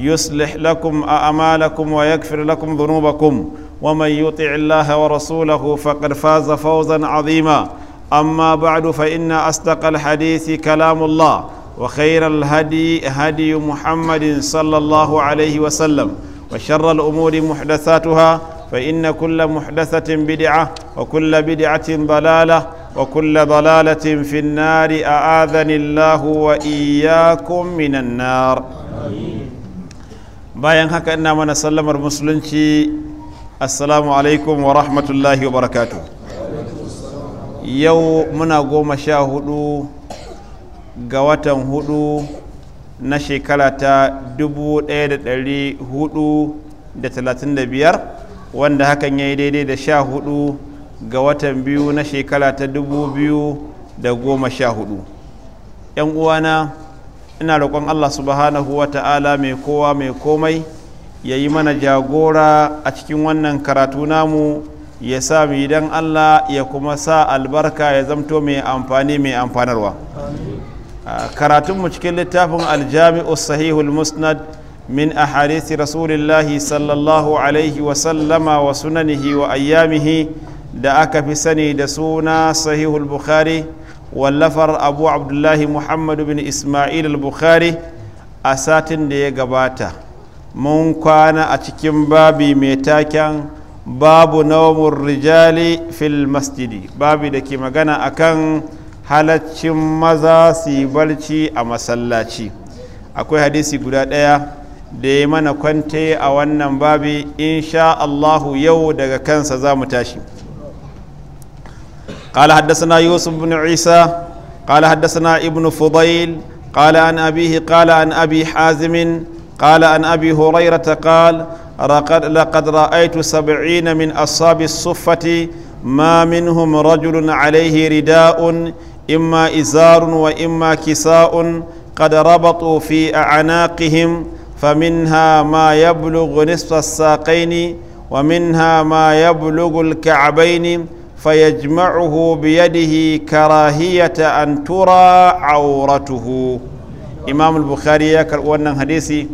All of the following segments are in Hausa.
يصلح لكم اعمالكم ويغفر لكم ذنوبكم ومن يطع الله ورسوله فقد فاز فوزا عظيما اما بعد فان اصدق الحديث كلام الله وخير الهدي هدي محمد صلى الله عليه وسلم وشر الامور محدثاتها فان كل محدثه بدعه وكل بدعه ضلاله وكل ضلاله في النار اعاذني الله واياكم من النار آمين. bayan haka ina mana sallamar musulunci assalamu alaikum wa rahmatullahi wa barakatu yau muna goma sha hudu ga watan hudu na shekara ta biyar wanda hakan ya yi daidai da sha hudu ga watan biyu na shekara ta 2014 'yan uwana ina roƙon allah subhanahu wa ta'ala mai kowa mai komai ya yi mana jagora a cikin wannan karatu namu ya sa mu idan allah ya kuma sa albarka ya zamto mai amfani mai amfanarwa karatunmu cikin littafin aljami'u sahihul musnad min ahadisi rasulillahi sallallahu alaihi sallama wa sunanihi wa ayyamihi da aka fi sani da suna sahihul bukhari wallafar abu abdullahi muhammadu bin ismail al-bukhari a satin da ya gabata mun kwana a cikin babi mai taken babu nawamun rijali fil masjidi babi da ke magana akan halaccin maza su yi barci a masallaci akwai hadisi guda ɗaya da ya mana kwante a wannan babi insha allahu yau daga kansa za mu tashi قال حدثنا يوسف بن عيسى قال حدثنا ابن فضيل قال عن أبيه قال عن أبي حازم قال عن أبي هريرة قال لقد رأيت سبعين من أصحاب الصفة ما منهم رجل عليه رداء إما إزار وإما كساء قد ربطوا في أعناقهم فمنها ما يبلغ نصف الساقين ومنها ما يبلغ الكعبين فيجمعه بيده كراهية أن ترى عورته إمام البخاري يقول حديثي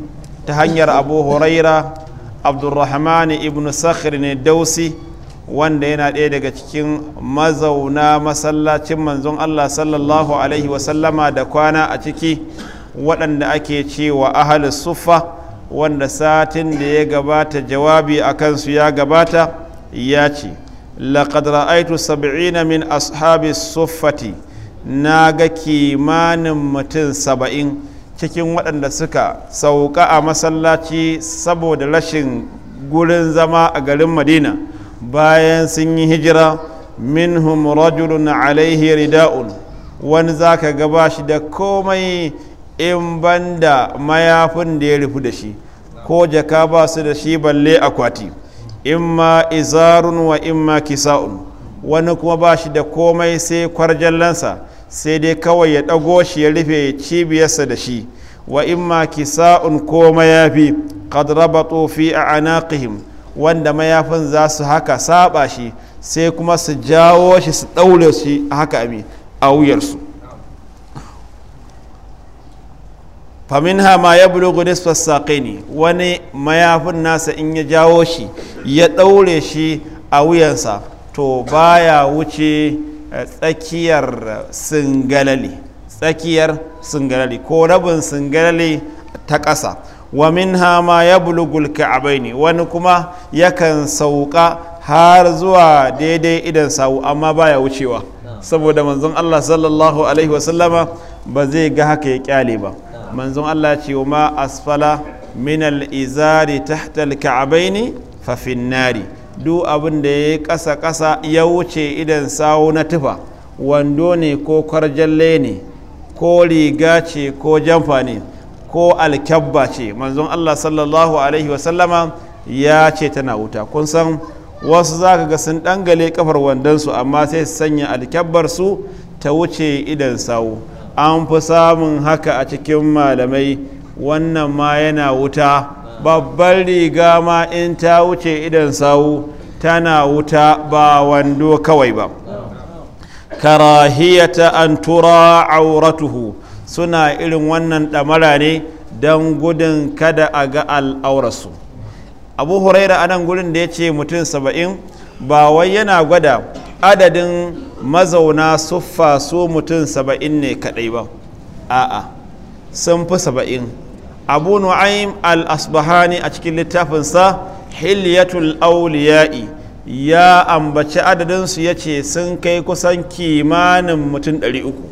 تهنير أبو هريرة عبد الرحمن ابن سخر الدوسي wanda yana ɗaya daga cikin mazauna masallacin manzon Allah sallallahu Alaihi wasallama da kwana a ciki waɗanda ake cewa ahal suffa wanda satin da ya gabata jawabi a kansu ya gabata ya ce laqad ra'aytu sab'ina min ashabi sufati na ga kimanin mutum saba'in cikin waɗanda suka sauka a masallaci saboda rashin gurin zama a garin madina bayan sun yi hijira minhum rajulun alaihi rida'un wani za ka gaba shi da komai in banda mayafin da ya rufu da shi ko jaka ba su da shi balle akwati imma izarun wa imma kisa'un wani kuma ba shi da komai sai kwarjallansa sai dai kawai ya ɗago shi ya rufe cibiyarsa da shi wa imma kisa'un ko mayafi qad rabatu fi anaqihim wanda mayafin za su haka saba shi sai kuma su jawo shi su ɗaure shi haka a wuyarsu faminha ma ya su nisfas ne wani mayafin nasa in ya jawo shi ya ɗaure shi a wuyansa to baya wuce tsakiyar singalali tsakiyar singalali ko rabin singalali ta ƙasa wa minha ma ya bulugul ne wani kuma yakan sauka har zuwa daidai idan sawu amma baya wucewa saboda manzon Allah sallallahu alaihi wasallama ba zai ga haka ya kyale ba manzon Allah ce wa ma asfala min al-izari tahta al-ka'baini fa finnari duk abin da ya kasa kasa ya wuce idan sawo na tufa wando ne ko kwarjalle ne ko riga ce ko jamfa ne ko alkyabba ce manzon Allah sallallahu alaihi wa sallama ya ce tana wuta kun san wasu za ka ga sun dangale kafar wandonsu amma sai su sanya alkyabbar su ta wuce idan sawo an fi samun haka a cikin malamai wannan ma yana wuta babban riga ma in ta wuce idan sawu tana wuta ba wando kawai ba karahiyata an tura auratuhu suna irin wannan ɗamara ne don gudun kada a ga al'aurarsu abu huraira a nan gurin da ya ce mutum saba'in ba wai yana gwada adadin mazauna suffa su mutum saba'in ne kaɗai ba a'a sun fi saba'in abu nu'aim al-asbahani a cikin littafinsa hilyatul auliya'i ya ambaci adadinsu ya ce sun kai kusan kimanin mutum ɗari uku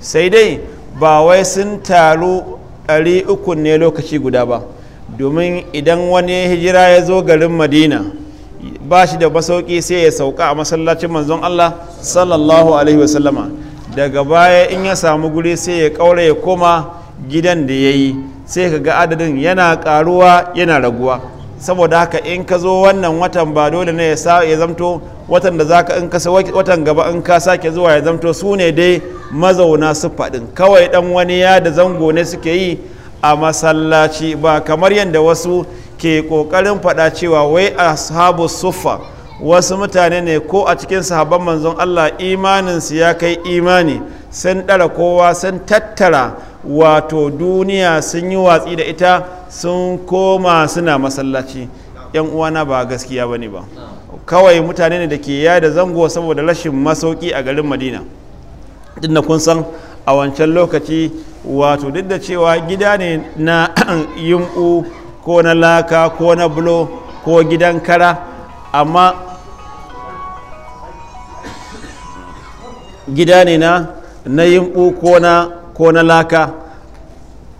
sai dai ba wai sun taru ɗari uku ne lokaci guda ba domin idan wani hijira ya zo garin madina ba shi da masauki sai ya sauka a masallacin manzon allah sallallahu alaihi wasallama daga baya in ya samu guri sai ya kaura ya koma gidan da ya yi sai ka ga adadin yana karuwa yana raguwa saboda haka in ka zo wannan watan ba dole ne ya zamto watan da zaka in ka watan gaba in ka sake zuwa ya zamto su ne dai mazauna su faɗin kawai dan wani ya da zango ne suke yi a masallaci ba kamar yadda wasu ke ƙoƙarin faɗa cewa wai ashabu sufa wasu mutane ne ko a cikin sahabban manzon Allah imaninsu ya kai imani sun ɗara kowa sun tattara wato duniya sun yi watsi da ita sun koma suna masallaci yan uwana ba gaskiya ba ne ba kawai mutane ne da ke yada zango saboda rashin masauki a garin madina duk na kun san a wancan lokaci wato duk da cewa gida ne na yin'u ko na laka ko na bulo ko gidan kara amma gida ne na na yimbu ko na ko na laka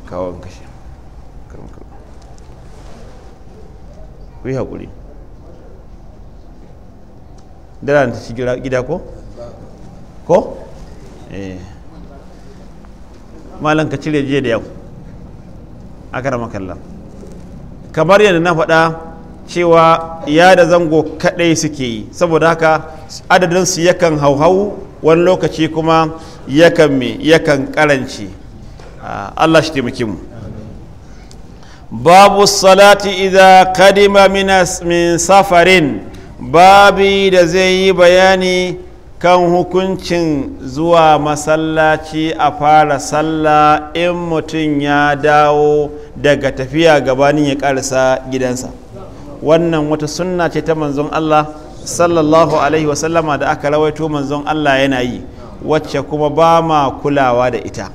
kawon kashe ku haƙuri dara ta ci gida ko? ko? eh malan ka cire jiya da yau a karamakalla kamar yadda na faɗa cewa ya da zango kaɗai suke yi saboda haka adadinsu yakan hauhau wani lokaci kuma yakan me yakan karanci ah, Allah shi taimake mu babu salati idan kadima min safarin babi da zai yi bayani kan hukuncin zuwa masallaci a fara sallah in mutum ya dawo daga tafiya gabanin ya karisa gidansa wannan wata sunna ce ta manzon Allah sallallahu alaihi sallama da aka rawaito manzon Allah yana yi wacce kuma ba ma kulawa da ita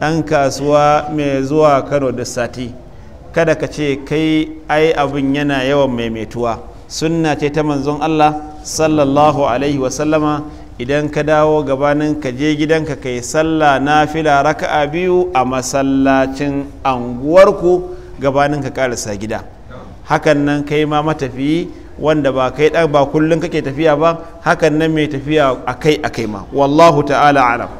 ɗan kasuwa mai zuwa kano da sati kada ka ce kai ai abin yana yawan maimaituwa sunna ce ta manzon Allah sallallahu alaihi wasallama idan ka dawo gabanin ka je gidanka kai sallah nafila raka'a biyu a masallacin anguwarku gabanin ka karasa gida hakan nan kai ma matafiyi wanda ba kai dan ba kullun kake tafiya ba hakan nan mai tafiya akai akai ma wallahu ta'ala alam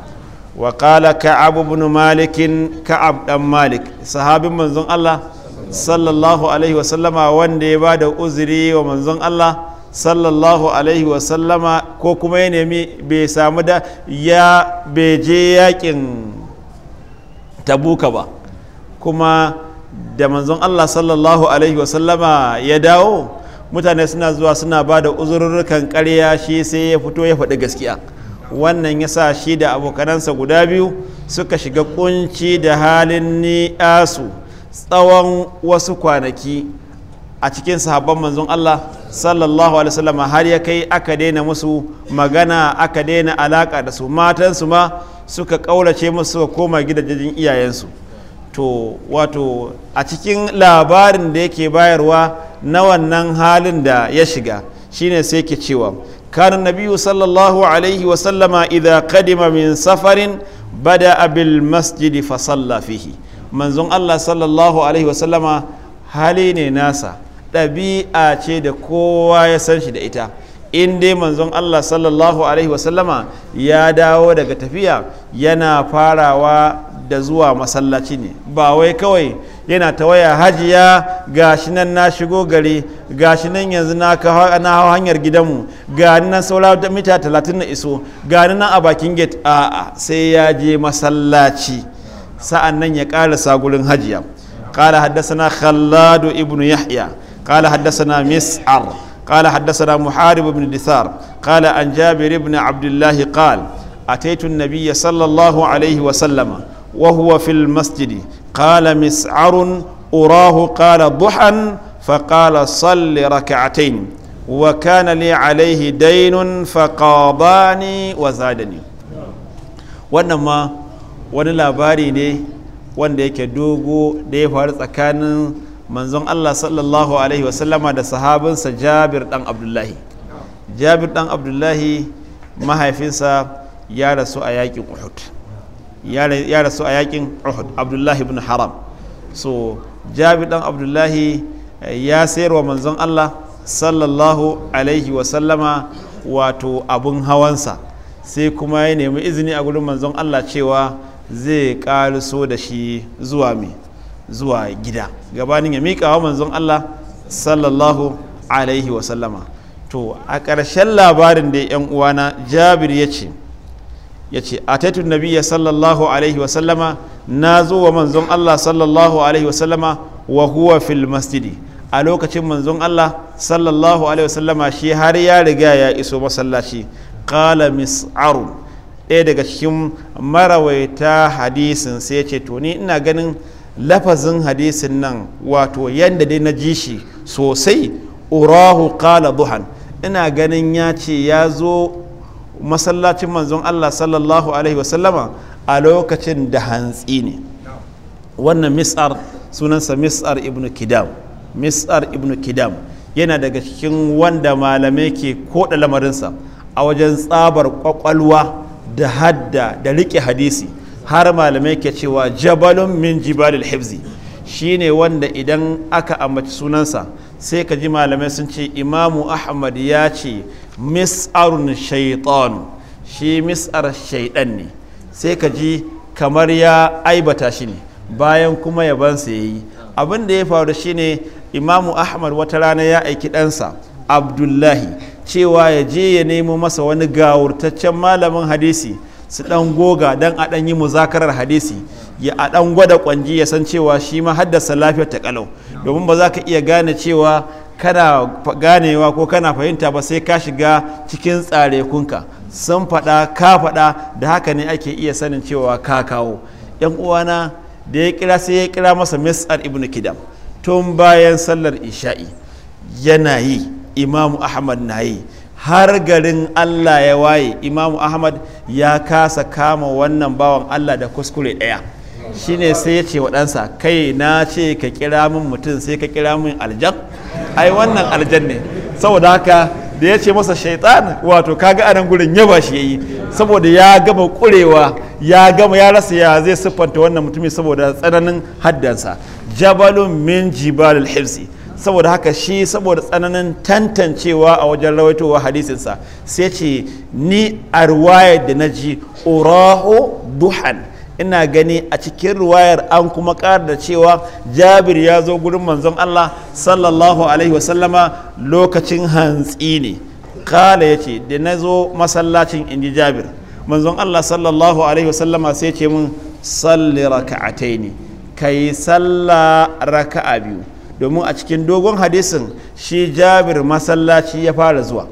wa qala ka'ab ibn malik ka'ab dan malik sahabin manzon Allah sallallahu alaihi wa sallama wanda ya bada uzuri wa manzon Allah sallallahu alaihi wa sallama ko kuma ya nemi bai samu da ya beje yakin tabuka ba kuma da manzon Allah sallallahu alaihi wa sallama ya dawo mutane suna zuwa suna ba da uzurrukan karya shi sai ya fito ya faɗi gaskiya wannan ya sa shi da abokanansa guda biyu suka shiga kunci da halin ni'asu tsawon wasu kwanaki a cikin sahabban manzon Allah sallallahu alaihi wasallam har ya kai aka daina musu magana aka daina alaka da su matan su ma suka ƙaurace musu suka koma gidajen iyayensu to wato a cikin labarin da yake bayarwa na wannan halin da ya shiga shine sai ke cewa kana nabiyu sallallahu alaihi wasallama idan kadima min safarin bada abil masjidi fa salla fihi manzon Allah sallallahu alaihi wasallama hali ne nasa ɗabi'a ce da kowa ya san shi da ita in dai manzon Allah sallallahu alaihi wasallama ya dawo daga tafiya yana farawa da zuwa masallaci ne ba wai kawai yana ta waya hajiya ga shi nan na shigo gari ga shi nan yanzu na hau hanyar gidanmu ga nan saura mita talatin na iso ga nan a bakin gate a sai ya je masallaci sa'an nan ya ƙara sagulin hajiya haddasa na khalladu ibn yahya ƙara haddasana mis'ar haddasa haddasana muharib ibn disar ƙara an jabir ibn abdullahi ƙal a taitun nabiya sallallahu alaihi wa وهو في المسجد قال مسعر أراه قال ضحى فقال صل ركعتين وكان لي عليه دين wani labari ne wanda yake dogo da ya faru tsakanin manzon Allah sallallahu alaihi wasallama da sahabinsa Jabir dan Abdullahi Jabir dan Abdullahi mahaifinsa ya rasu a yaƙin Uhud ya rasu a yakin uhud abdullahi ibn haram so jabi dan abdullahi eh, ya sayar wa manzon allah sallallahu alaihi wasallama wato abun hawansa sai kuma ya nemi izini a gudun manzon allah cewa zai so da shi zuwa mai zuwa gida gabanin ya mika wa manzon allah sallallahu alaihi wasallama to a ƙarshen labarin da 'yan uwana jabir ya ce ya ce a taitun ya sallallahu alaihi wasallama na zo wa manzon Allah sallallahu alaihi wasallama wa huwa fil masjidi a lokacin manzon Allah sallallahu alaihi wasallama shi har ya riga ya iso masallaci qala mis'arun ɗaya daga cikin marawaita hadisin sai ya ce to ni ina ganin lafazin hadisin nan wato yadda dai na ji shi sosai urahu qala duhan ina ganin ya ce ya zo masallacin manzon Allah sallallahu alaihi wasallama a lokacin da hantsi ne wannan mis'ar sunansa mis'ar ibn kidam mis'ar ibn kidam yana daga cikin wanda malamai ke koda lamarinsa a wajen tsabar kwakwalwa da hadda da riƙe hadisi har malamai ke cewa jabalun min jibalil hifzi shine wanda idan aka ambaci sunansa sai ka ji malamai sun ce imamu ahmad ya ce mis'arun shaitan shi mis'ar shaidan ne sai ka ji kamar ya aibata shi ne bayan kuma yabansa ya yi abin da ya faru shine imamu ahmad wata rana ya aiki ɗansa abdullahi cewa ya je ya nemo masa wani gawurtaccen malamin hadisi su ɗan goga dan a dan yi muzakarar hadisi ya a ɗan gwada kwanji ya san cewa shi ma haddasa lafiyar ta kalau domin ba za ka iya gane cewa kana ganewa ko kana fahimta ba sai ka shiga cikin kunka sun faɗa ka faɗa da haka ne ake iya sanin cewa ka kawo yan uwana da ya kira sai ya kira masa mis'ar ibnu kidam tun bayan sallar isha'i yana yi imamu ahmad na yi har garin allah ya waye imamu ahmad ya kasa kama wannan bawan allah da kuskure ɗaya shine sai ya ce wa ɗansa kai na ce ka kira min mutum sai ka kira min aljan ai wannan aljan ne saboda haka da ya ce masa shaitan wato kaga anan gurin yaba shi yayi saboda ya gama kurewa ya gama ya rasa ya zai siffanta wannan mutumin saboda tsananin haddansa jabalun min jibalil hifzi saboda haka shi saboda tsananin tantancewa a wajen rawaitowa hadisinsa sai ce ni a da na ji uraho duhan ina gani a cikin ruwayar an kuma ƙara da cewa jabir ya zo gurin manzon Allah sallallahu alaihi wasallama lokacin hantsi ne kala ya ce da na zo masallacin inji jabir manzon Allah sallallahu alaihi wasallama sai ce min salli raka'atai ne ka yi raka'a biyu domin a cikin dogon hadisin shi jabir masallaci ya fara zuwa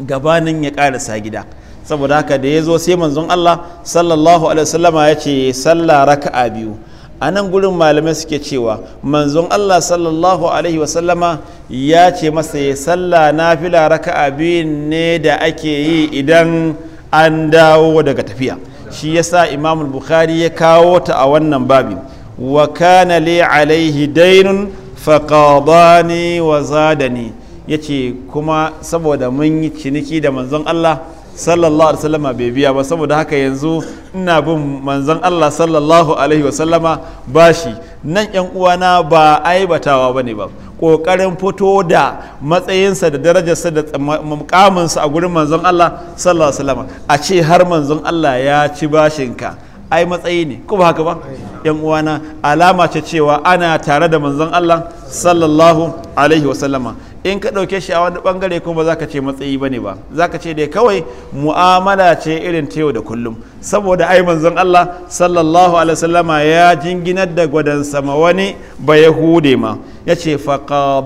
gabanin ya ƙarasa gida saboda haka da ya zo sai manzon Allah sallallahu alaihi wasallama ya ce sallah raka'a biyu a nan gurin malamai suke cewa manzon Allah sallallahu alaihi wasallama ya ce masa ya salla nafila raka'a biyu ne da ake yi idan an dawo daga tafiya shi yasa imam bukhari ya kawo ta a wannan babin wa kana li alaihi dainun faqadani wa zadani yace kuma saboda mun yi ciniki da manzon Allah sallallahu alaihi wasallama bai biya ba saboda haka yanzu ina bin manzon Allah sallallahu alaihi wasallama bashi nan yan uwana ba aibatawa bane ba kokarin fito da matsayinsa da darajarsa da mukaminsa a gurin manzon Allah sallallahu alaihi wasallama a ce har manzon Allah ya ci bashinka ai matsayi ne ko ba haka ba yan uwana alama ce cewa ana tare da manzon Allah sallallahu alaihi wasallama in ka ɗauke shi a wani ɓangare kuma ba za ka ce matsayi ba ne ba za ka ce dai kawai mu'amala ce irin ta yau da kullum saboda ai manzon Allah sallallahu alaihi wasallama ya jinginar da gwadon sama wani ba ya hude ma ya ce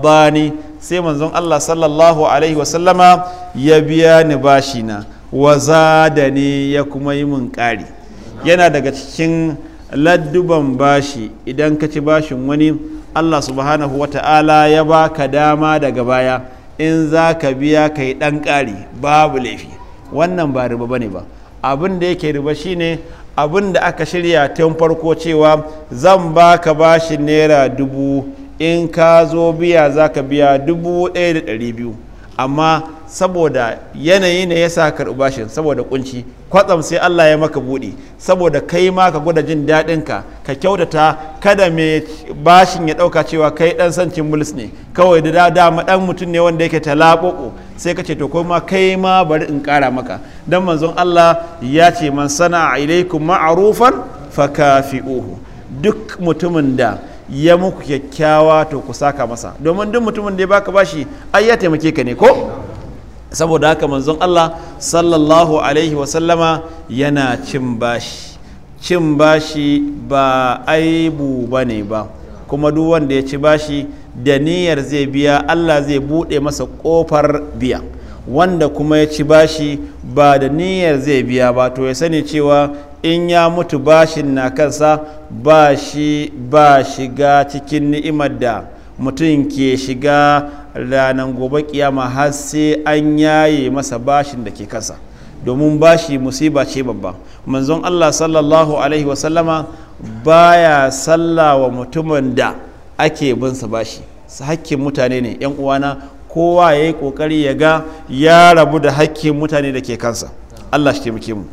bani sai manzon Allah sallallahu alaihi wasallama ya biya ni bashi na wa zada ne ya kuma yi mun ƙari yana daga cikin ladduban bashi idan ka ci bashin wani Allah subhanahu wata'ala ya baka dama daga baya in za ka biya ka yi ɗan ƙari babu laifi wannan ba riba bane ba abin da yake riba shine abin da aka shirya tun farko cewa zan baka bashi naira dubu in ka zo biya za ka biya dubu ɗaya da ɗari biyu amma saboda yanayi ne ya sa karɓi bashin saboda kunci kwatsam sai Allah ya maka buɗi saboda kai ma ka gwada jin daɗin ka ka kyautata kada mai bashin ya ɗauka cewa kai ɗan sancin mulis ne kawai da dama ɗan mutum ne wanda yake talaɓoƙo sai ka ce to ko ma kai ma bari in ƙara maka dan manzon Allah ya ce man sana'a ilaikum ma'rufan fakafi'uhu duk mutumin da ya muku kyakkyawa to ku saka masa domin duk mutumin da ya baka bashi ai ya taimake ka ne ko saboda haka manzon Allah sallallahu alaihi wasallama yana cin bashi cin bashi ba aibu ba ne ba kuma duk wanda ya ci bashi da niyyar zai biya Allah zai buɗe masa ƙofar biya wanda kuma ya ci bashi ba da niyyar zai biya ba to ya sani cewa in ya mutu bashin na kansa ba shi ba shiga cikin ni'imar da mutum ke shiga ranar gobe kiyama har sai an yaye masa bashin da ke kansa domin bashi musiba ce babba manzon Allah sallallahu alaihi wasallama baya sallah wa mutumin da ake binsa bashi hakkin mutane ne yan uwana kowa ya yi kokari ya ga ya rabu da hakkin mutane da ke kansa Allah shi taimake mu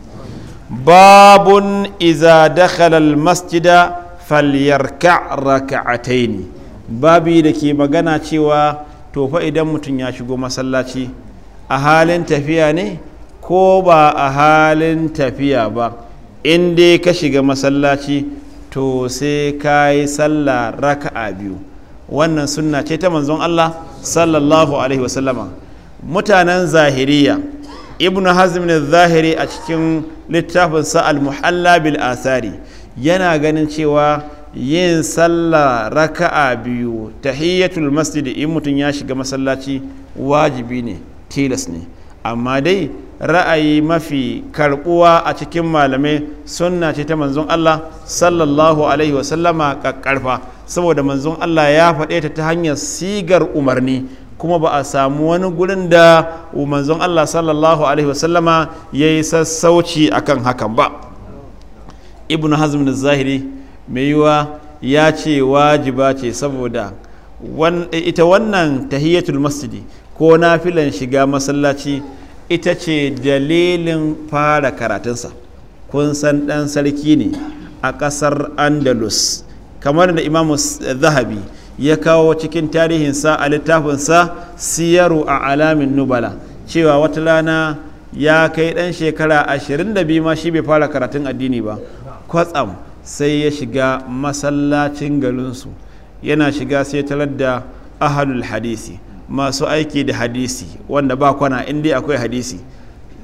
babun iza dakhala almasjida falyarka raka'ataini babi da ke magana cewa to fa idan mutum ya shigo masallaci a halin tafiya ne ko ba a halin tafiya ba in dai ka shiga masallaci to sai ka yi sallah raka'a biyu wannan sunna ce ta manzon Allah sallallahu alaihi wasallama mutanen zahiriya ibnu hazm zahiri a cikin littafinsa al-muhalla bil asari yana ganin cewa yin sallah raka'a biyu tahiyyatul masjid in mutum ya shiga masallaci wajibi ne tilas ne amma dai ra'ayi mafi karbuwa a cikin malamai sunna ce ta manzon Allah sallallahu alaihi wasallama kakkarfa saboda manzon Allah ya faɗe ta hanyar sigar umarni kuma ba a samu wani gurin da manzon Allah sallallahu alaihi wasallama ya yi sassauci akan hakan ba ibn hazm zahiri mai yiwa ya ce wajiba ce saboda ita wannan tahiyatul masjidi ko nafilan shiga masallaci ita ce dalilin fara karatunsa kun san ɗan sarki ne a ƙasar andalus kamar da imamu zahabi ya kawo cikin tarihinsa a littafinsa siyaru a alamin nubala cewa wata rana ya kai ɗan shekara ashirin da biyu ma shi bai fara karatun addini ba kwatsam sai ya shiga masallacin garinsu yana shiga sai talar da ahalul hadisi masu aiki da hadisi wanda ba kwana inda akwai hadisi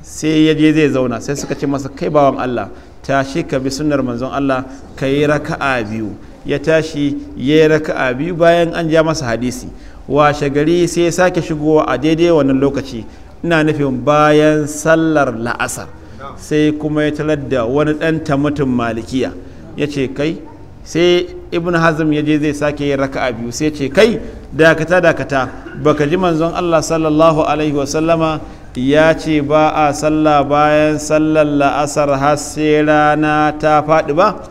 sai ya je zai zauna sai suka ce masa kai bawan Allah tashi ka bi sunnar manzon Allah ka yi raka'a biyu ya tashi ya yi raka'a biyu bayan an ja masa hadisi washe gari sai ya sake shigowa a daidai wannan lokaci ina nufin bayan sallar la'asar sai kuma ya talar da wani ɗan mutum malikiya ya ce kai sai ibn hazm ya je zai sake yin raka'a biyu sai ce kai dakata dakata baka ji manzon allah sallallahu alaihi wasallama ya ce ba a sallah bayan sallar la'asar har sai rana ta faɗi ba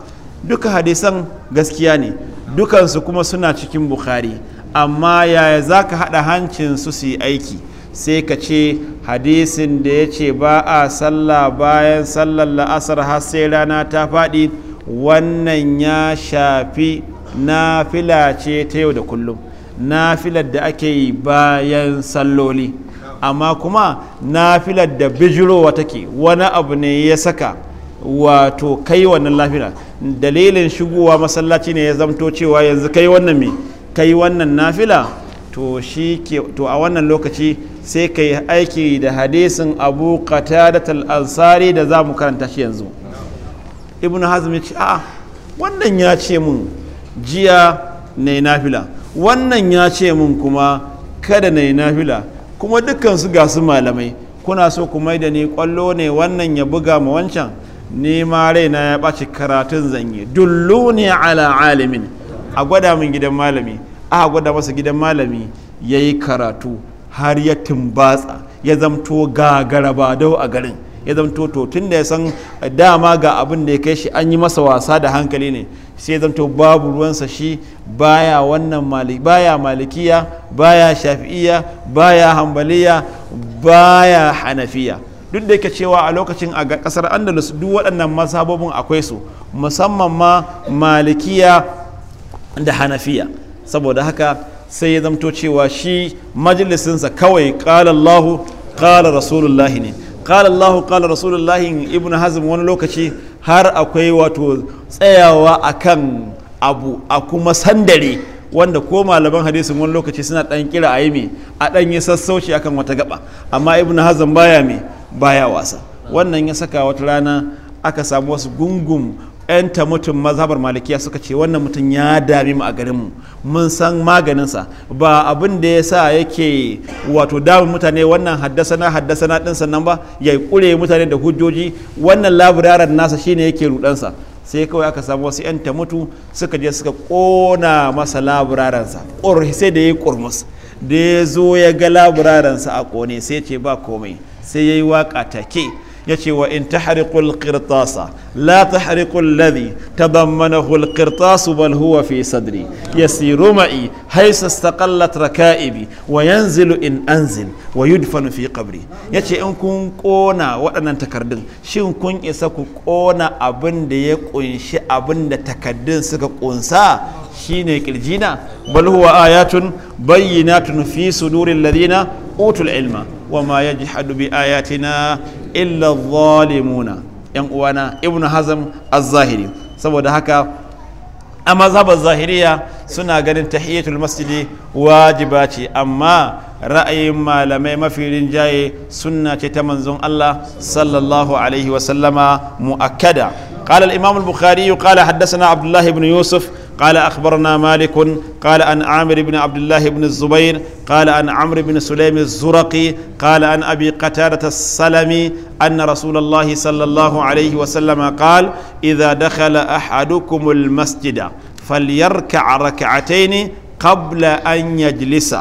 duka hadisan gaskiya ne dukansu kuma suna cikin bukhari amma yaya za ka haɗa hancin su yi aiki sai ka ce hadisin da ya ce ba a sallah bayan sallar la'asar har sai rana ta faɗi wannan ya shafi nafila ce ta yau da kullum nafilar da ake yi bayan salloli amma kuma nafilar da bijirowa take wani abu ne ya saka wato kai wannan lafiya dalilin shigowa masallaci ne ya zamto cewa yanzu kai wannan me kai wannan nafila to to a wannan lokaci sai ka yi aiki da hadisin abu da al-ansari da za mu karanta shi yanzu ibnu hazm ya ce a wannan ya ce mun jiya na nafila wannan ya ce mun kuma kada na nafila kuma dukkan su ga malamai kuna so ku mai da ni kwallo ne wannan ya buga ma wancan ni ma raina ya ɓaci karatun zanyi dulluni ala alimin a gwada min gidan malami a gwada masa gidan malami ya yi karatu har ya tumbatsa ya zamto ga ba dau a garin ya zamto to tun da ya san eh, dama ga abin da ya kai shi an yi masa wasa da hankali ne sai ya zamto babu ruwansa shi baya wannan baya malikiya baya shafi'iya baya hambaliya baya hanafiya duk da yake cewa a lokacin a kasar andalus duk waɗannan masabobin akwai su musamman ma malikiya da hanafiya saboda haka sai ya zamto cewa shi majalisinsa kawai ƙalallahu ƙala rasulullahi ne ƙalallahu ƙala rasulullahi ibn hazm wani lokaci har akwai wato tsayawa akan abu a kuma sandare wanda ko malaman hadisin wani lokaci suna dan kira a yi mai a dan yi sassauci akan wata gaba amma ibn hazan baya mai baya wasa wannan ya saka wata rana aka samu wasu gungun 'yan mutum mazhabar malikiya suka ce wannan mutum ya dami mu a garinmu mun san maganinsa ba abin da ya sa yake wato damun mutane wannan haddasana haddasana din sannan ba ya kure mutane da hujjoji wannan laburaran nasa shine yake rudansa sai kawai aka samu wasu 'yan ta mutu suka je suka kona masa laburarensa sai da ya yi kurmus da ya zo ya ga laburarensa a ƙone sai ce ba komai sai ya yi waka take yace wa in tahriqul qirtasa la tahriqul ladhi tadammanahu al qirtas bal huwa fi sadri yasiru ma'i haysa istaqallat raka'ibi wa yanzilu in anzil wa yudfanu fi qabri yace in kun kona waɗannan takardun shin kun isa ku kona abin da ya kunshi abin da takardun suka kunsa shine kirjina bal huwa ayatun bayyinatun fi sudurin ladina utul ilma wa ma yajhadu bi ayatina illa zalimuna yan uwana ibnu hazm az-zahiri saboda haka a mazhabar zahiriya suna ganin tahiyatul masjidi wajiba ce amma ra'ayin malamai mafi rinjaye sunna ce ta manzon Allah sallallahu alaihi wasallama mu'akkada قال الإمام البخاري قال حدثنا عبد الله بن yusuf. قال أخبرنا مالك قال أن عامر بن عبد الله بن الزبير قال أن عمرو بن سليم الزرقي قال أن أبي قتادة السلمي أن رسول الله صلى الله عليه وسلم قال إذا دخل أحدكم المسجد فليركع ركعتين قبل أن يجلس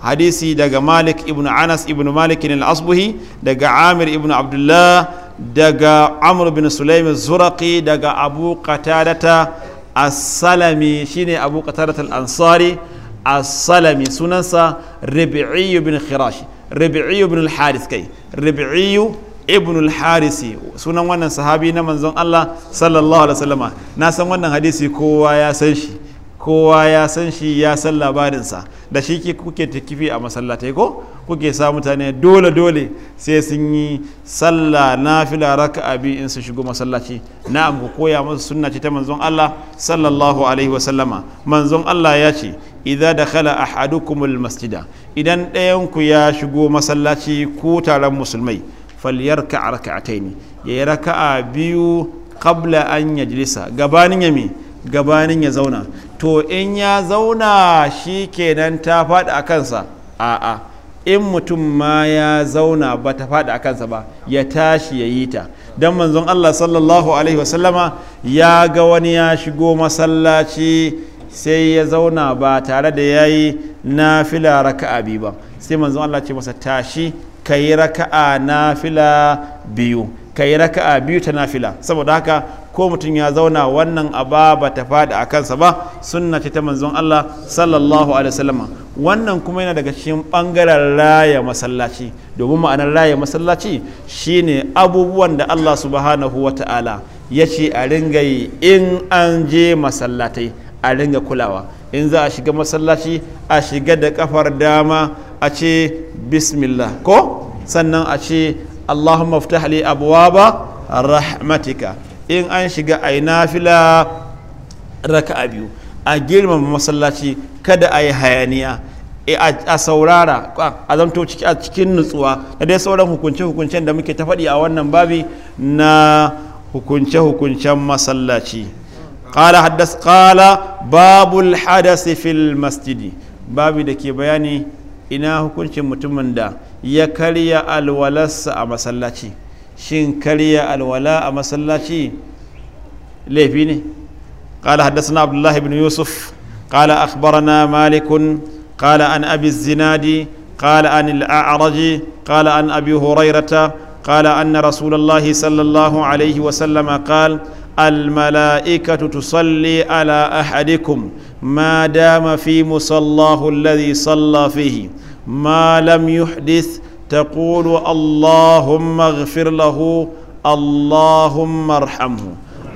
hadisi daga malik ibn anas ibn malik al-asbuhi daga amir ibn abdullah daga amr bin sulaim zuraqi daga abu qatadata asalami shine abu qatarat ansari asalami salami sunansa rabi'i ibn khirash rabi'i ibn kai rabi'i ibn harisi sunan wannan sahabi na manzon Allah sallallahu alaihi wasallama na san wannan hadisi kowa ya san shi kowa ya san shi ya san labarinsa da shi ke kuke takifi a masallatai ko kuke sa mutane dole dole sai sun yi sallah nafila raka'a biyu in su shigo masallaci na'am ku koya masu sunna ce ta manzon Allah sallallahu alaihi wasallama manzon Allah ya ce idza dakhala ahadukumul masjida idan ɗayan ku ya shigo masallaci ko taron musulmai falyarka raka'ataini ya yi raka'a biyu kabla an yajlisa gabanin yami gabanin ya zauna to in ya zauna shi shikenan ta faɗi a kansa a'a in mutum ma ya zauna ba ta faɗi a kansa ba ya tashi ya yi ta don manzon Allah sallallahu alaihi wasallama ya ga wani ya shigo masallaci sai ya zauna ba tare da ya yi nafila raka'a biyu ba sai manzon Allah ce masa tashi ka yi raka'a nafila biyu ka yi raka'a biyu ta nafila saboda haka ko mutum ya zauna wannan aba ba ta fada a kansa ba sunna ce ta manzon Allah sallallahu alaihi wasallam wannan kuma yana daga cikin bangaren raya masallaci domin ma'anar raya masallaci shine abubuwan da Allah subhanahu wata'ala ya ce a ringa yi in an je masallatai a ringa kulawa in za a shiga masallaci a shiga da kafar dama a ce bismillah ko sannan a ce allahumma ftah abwaba rahmatika in an shiga a yi nafila a biyu a girmama masallaci kada a yi hayaniya e, a saurara a zamto a cikin nutsuwa da dai sauran hukunce-hukuncen da muke ta faɗi a wannan babi na hukunce-hukuncen masallaci ƙala haddasa ƙala babul hadasi fil masjidi babi da ke bayani ina hukuncin mutumin da ya karya alwalarsa a masallaci shin karya alwala a masallaci laifi ne قال حدثنا عبد الله بن يوسف قال أخبرنا مالك قال عن أبي الزناد قال عن الأعرج قال عن أبي هريرة قال أن رسول الله صلى الله عليه وسلم قال الملائكة تصلي على أحدكم ما دام في مصلاه الذي صلى فيه ما لم يحدث تقول اللهم اغفر له اللهم ارحمه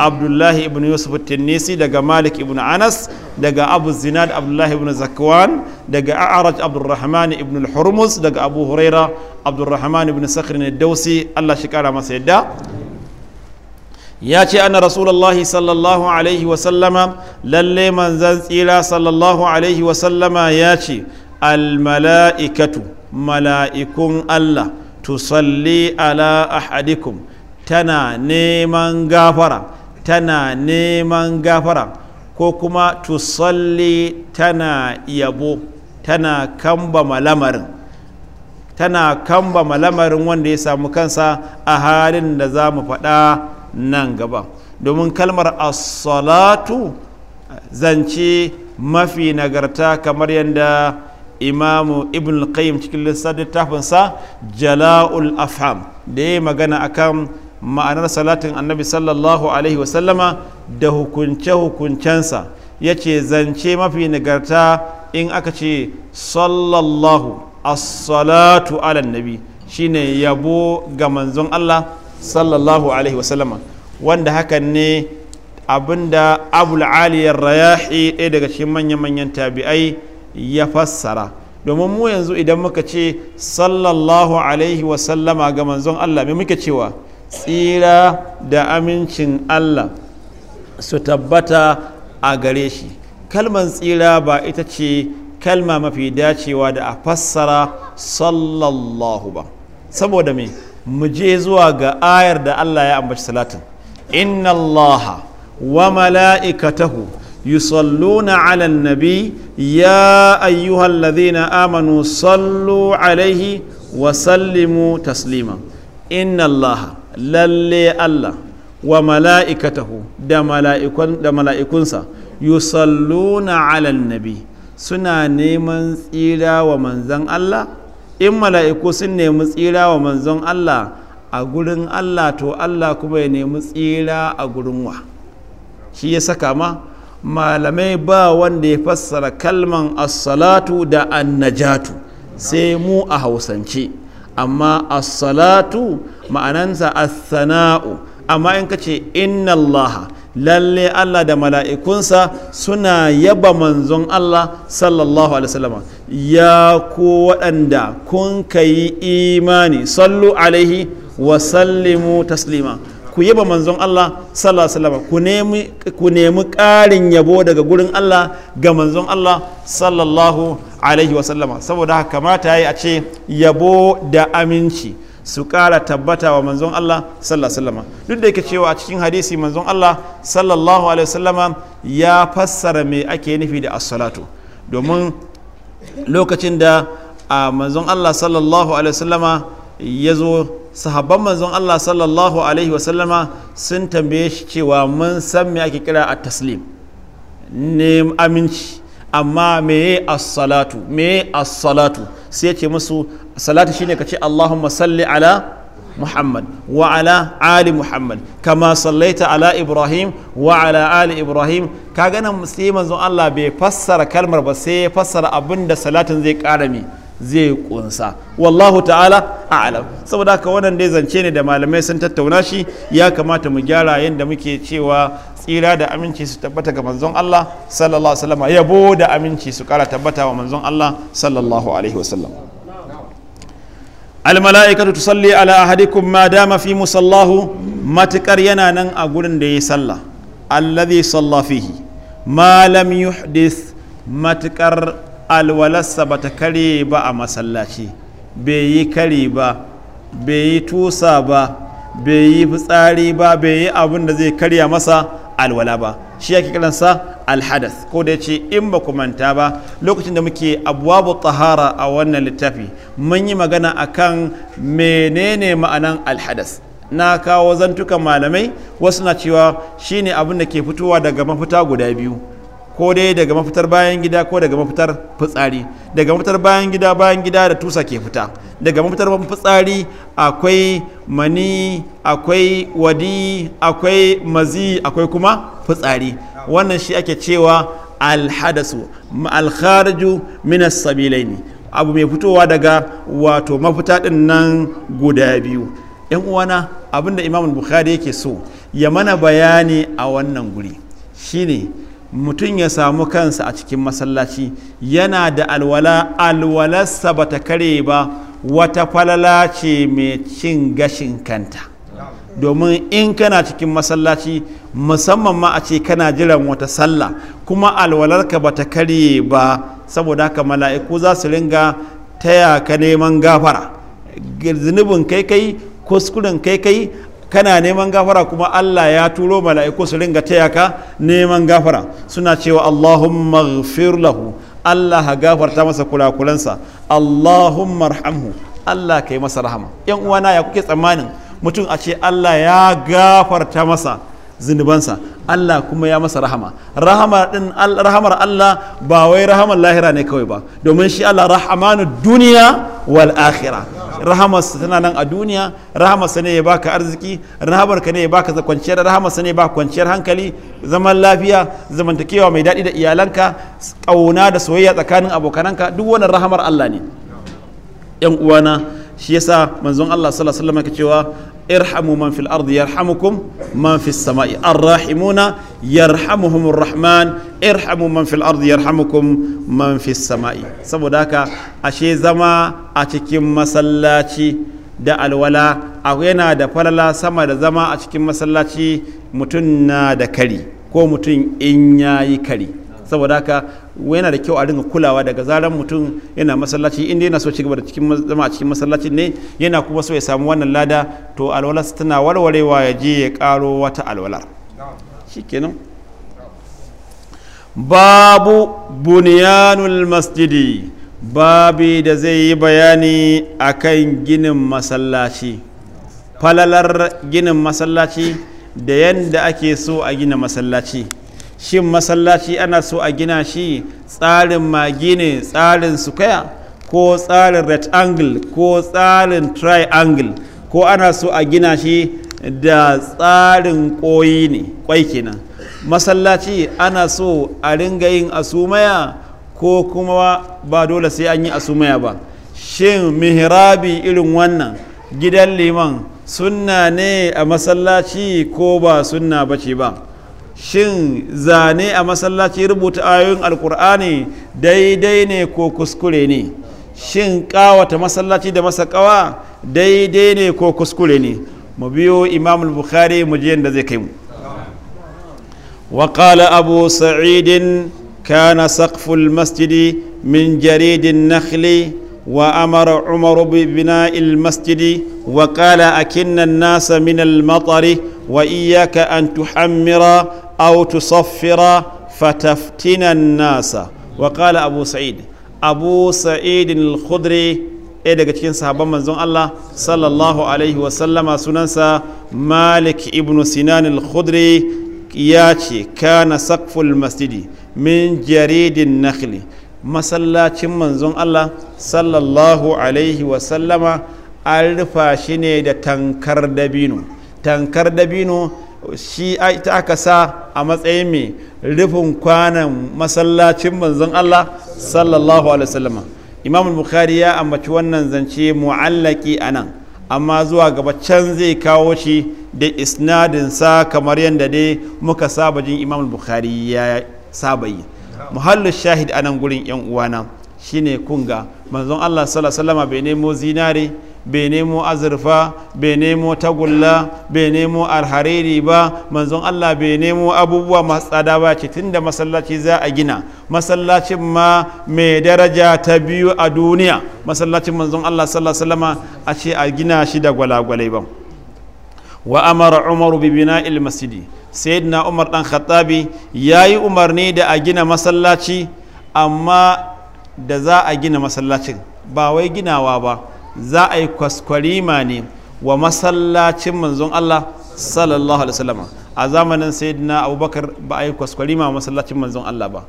abdullahi ibn yusuf tinnisi daga malik ibn anas daga abu zinad abdullahi ibn zakwan daga a'araj abdurrahman ibn hurmus daga abu huraira abdurrahman ibn sakhr ne dausi allah shi kara masa yadda ya ce ana rasulullahi sallallahu alaihi wasallama lalle manzan tsira sallallahu alaihi wasallama ya ce almala'ikatu mala'ikun Allah tusalli ala ahadikum tana neman gafara tana neman gafara ko kuma tusalli tana yabo tana kambama lamarin tana kambama lamarin wanda ya samu kansa a halin da za mu faɗa nan gaba domin kalmar asalatu salatu zance mafi nagarta kamar yadda imamu ibn qayyim cikin littafinsa jala'ul afham da ya yi magana akan ma'anar salatin annabi sallallahu alaihi wasallama da hukunce-hukuncensa ya ce zance mafi nagarta in aka ce sallallahu as-salatu ala nabi shine yabo ga manzon Allah sallallahu alaihi wasallama wanda hakan ne abinda abul aliyar rayahi ɗaya daga cikin manya-manyan tabi'ai ya fassara domin mu yanzu idan muka ce sallallahu alaihi wasallama ga manzon Allah mai muke cewa tsira da amincin Allah su tabbata a gare shi kalman tsira ba ita ce kalma mafi dacewa da a fassara sallallahu ba saboda me mu je zuwa ga ayar da Allah ya ambaci salatin inna allaha wa mala'ikatahu يصلون على النبي يا أيها الذين آمنوا صلوا عليه وسلموا تسليما إن الله للي الله وملائكته دا ملائكون ملائكونسا يصلون على النبي سنا نيمن ومن زن الله إن ملائكو سن نيمن ومن زن الله أقولن الله تو الله كما نيمن تسيرا أقولن وح شي سكا malamai ba wanda ya fassara kalman assalatu da annajatu sai mu a hausance amma salatu ma'anansa assana'u amma in ka ce inna lalle Allah da mala'ikunsa suna yaba manzon Allah sallallahu alaihi wasallama ya ku waɗanda kun ka yi imani sallu alaihi wa sallimu taslima ku yaba manzon Allah sallallahu alaihi wasallam ku nemi ƙarin yabo daga gurin Allah ga manzon Allah sallallahu alaihi wasallam saboda haka kamata yi a ce yabo da aminci su ƙara tabbata wa manzon Allah sallallahu alaihi wasallam duk da yake cewa a cikin hadisi manzon Allah sallallahu alaihi wasallam ya fassara me ake nufi da as-salatu domin lokacin da manzon Allah sallallahu alaihi wasallama ya zo sahabban manzon Allah sallallahu Alaihi wasallama sun tambaye shi cewa mun san me ake kira a taslim aminci amma me as-salatu me as-salatu sai ce musu salatu shine ka ce Allahumma salli ala Muhammad wa ali Muhammad kama sallaita ala Ibrahim wa ali Ibrahim ka ganin sai manzon Allah bai fassara kalmar ba sai ya fassara da salatin zai kara me zai kunsa wallahu ta'ala a'lam saboda haka wannan dai zance ne da malamai sun tattauna shi ya kamata mu gyara yadda muke cewa tsira da aminci su tabbata ga manzon Allah sallallahu alaihi wasallam yabo da aminci su kara tabbata wa manzon Allah sallallahu alaihi wasallam almala'ikatu tusalli ala ahadikum ma dama fi musallahu matukar yana nan a gurin da ya sallah alladhi salla fihi ma lam yuhdith matukar alwalarsa ba ta kare ba a masallaci bai yi kari ba bai yi tusa ba bai yi fitsari ba bai yi abin da zai karya masa alwala ba shi yake kiransa alhadas ko da ce in ba manta ba lokacin da muke abwabu tahara a wannan littafi mun yi magana akan menene ma'anan alhadas na kawo zantukan malamai wasu na cewa shine abin da ke fitowa daga mafita guda biyu ko dai daga mafitar bayan gida ko daga mafitar fitsari daga mafitar bayan gida bayan gida da tusa ke fita daga mafitar fitsari akwai mani akwai wadi akwai mazi akwai kuma fitsari wannan shi ake cewa alhadasu alkharaju minas sabilaini abu mai fitowa daga wato mafita din nan guda biyu yan uwana abinda imamun bukhari yake so ya mana bayani a wannan guri shine mutum ya samu kansa a cikin masallaci yana da alwala alwalarsa ba ta kare ba wata falala ce mai cin gashin kanta domin in kana cikin masallaci musamman ma a ce kana jiran wata sallah kuma alwalarka ba ta kare ba saboda haka mala'iku za su ringa taya ka neman gafara zunubin kai kai kuskuren kai kai kana neman gafara kuma Allah ya turo mala'iku su ringa taya ka neman gafara suna cewa Allahumma ghfir lahu Allah ha gafarta masa kulakulansa Allahumma rahamhu Allah kai masa rahama yan uwana ya kuke tsammanin mutum a ce Allah ya gafarta masa zunubansa Allah kuma ya masa rahama rahamar din rahamar Allah ba wai rahamar lahira ne kawai ba domin shi Allah rahamanu duniya wal akhira rahamar tana nan a duniya rahamar sa ne ya baka arziki rahamar ka ne ya baka kwanciyar rahamar sa ne ya baka kwanciyar hankali zaman lafiya zamantakewa mai daɗi da iyalanka kauna da soyayya tsakanin abokananka duk wannan rahamar Allah ne yan uwana shi yasa manzon Allah sallallahu alaihi wasallam yake cewa irhamu man fil ardi yarhamukum man fis sama'i arrahimuna yarhamuhumur rahman irhamu man fil ardi yarhamukum man fis sama'i saboda haka ashe zama a cikin masallaci da alwala yana da falala sama da zama a cikin masallaci mutum na da kari ko mutum in yayi kari saboda haka yana da kyau a ringa kulawa daga zaran mutum yana masallaci inda yana so ci gaba da cikin zama a cikin masallaci ne yana kuma so ya samu wannan lada to alwalar tana warwarewa ya je ya karo wata alwalar shikenan babu bunyanul masjidi babi da zai yi bayani akan ginin masallaci falalar ginin masallaci da yadda ake so a gina masallaci shin masallaci ana so a gina shi tsarin magi ne tsarin sukaya ko tsarin red rectangle ko tsarin triangle ko ana so a gina shi da tsarin koyi ne kwai kenan masallaci ana so a ringa yin asumaya ko kuma ba dole sai an yi asumaya ba shin mihrabi irin wannan gidan liman sunna ne a masallaci ko ba sunna bace ba shin zane a masallaci rubuta ayoyin alkur'ani daidai ne ko kuskure ne shin kawata masallaci da masa kawa daidai ne ko kuskure ne mu biyo imam bukhari mu je da zai kai mu wa abu sa'id kana sakful masjidi min jaridin an-nakhl wa amara umar bi bina'i al-masjid wa qala akinna min al wa iyyaka an tuhammira aw tusaffira fataftina nasa wa qala abu sa'id abu sa'id al-khudri ɗaya daga cikin sahabban manzon Allah sallallahu alaihi wa sallama sunansa Malik ibn Sinan al-Khudri ya ce kana saqful masjidi min jaridin nakhli masallacin manzon Allah sallallahu alaihi wa sallama an rufa shi ne da tankar dabino tankar dabino shi ta aka sa a matsayin mai rufin kwanan masallacin manzon Allah sallallahu alaihi wasallam Imam Bukhari ya ambaci wannan zance mu'allaki nan amma zuwa gaba can zai kawo shi da isnadin sa kamar yadda dai muka saba jin Imam Bukhari ya saba yi muhallu shahid anan gurin yan uwana shine kunga manzon Allah sallallahu alaihi wasallam bai nemo zinare bai nemo azurfa bai nemo tagulla bai nemo alhariri ba manzon Allah bai nemo abubuwa masu tsada ba ce tunda masallaci za a gina masallacin ma mai daraja ta biyu a duniya masallacin manzon Allah sallallahu a ce a gina shi da gwalagwalai ba wa amara umaru bi bina'il masjidi sayyidina umar dan khattabi yayi umarni da a gina masallaci amma da za a gina masallacin ba wai ginawa ba za a yi kwaskwarima ne wa masallacin manzon Allah sallallahu alaihi wasallam a zamanin sayyidina abubakar ba a yi kwaskwarima masallacin manzon Allah ba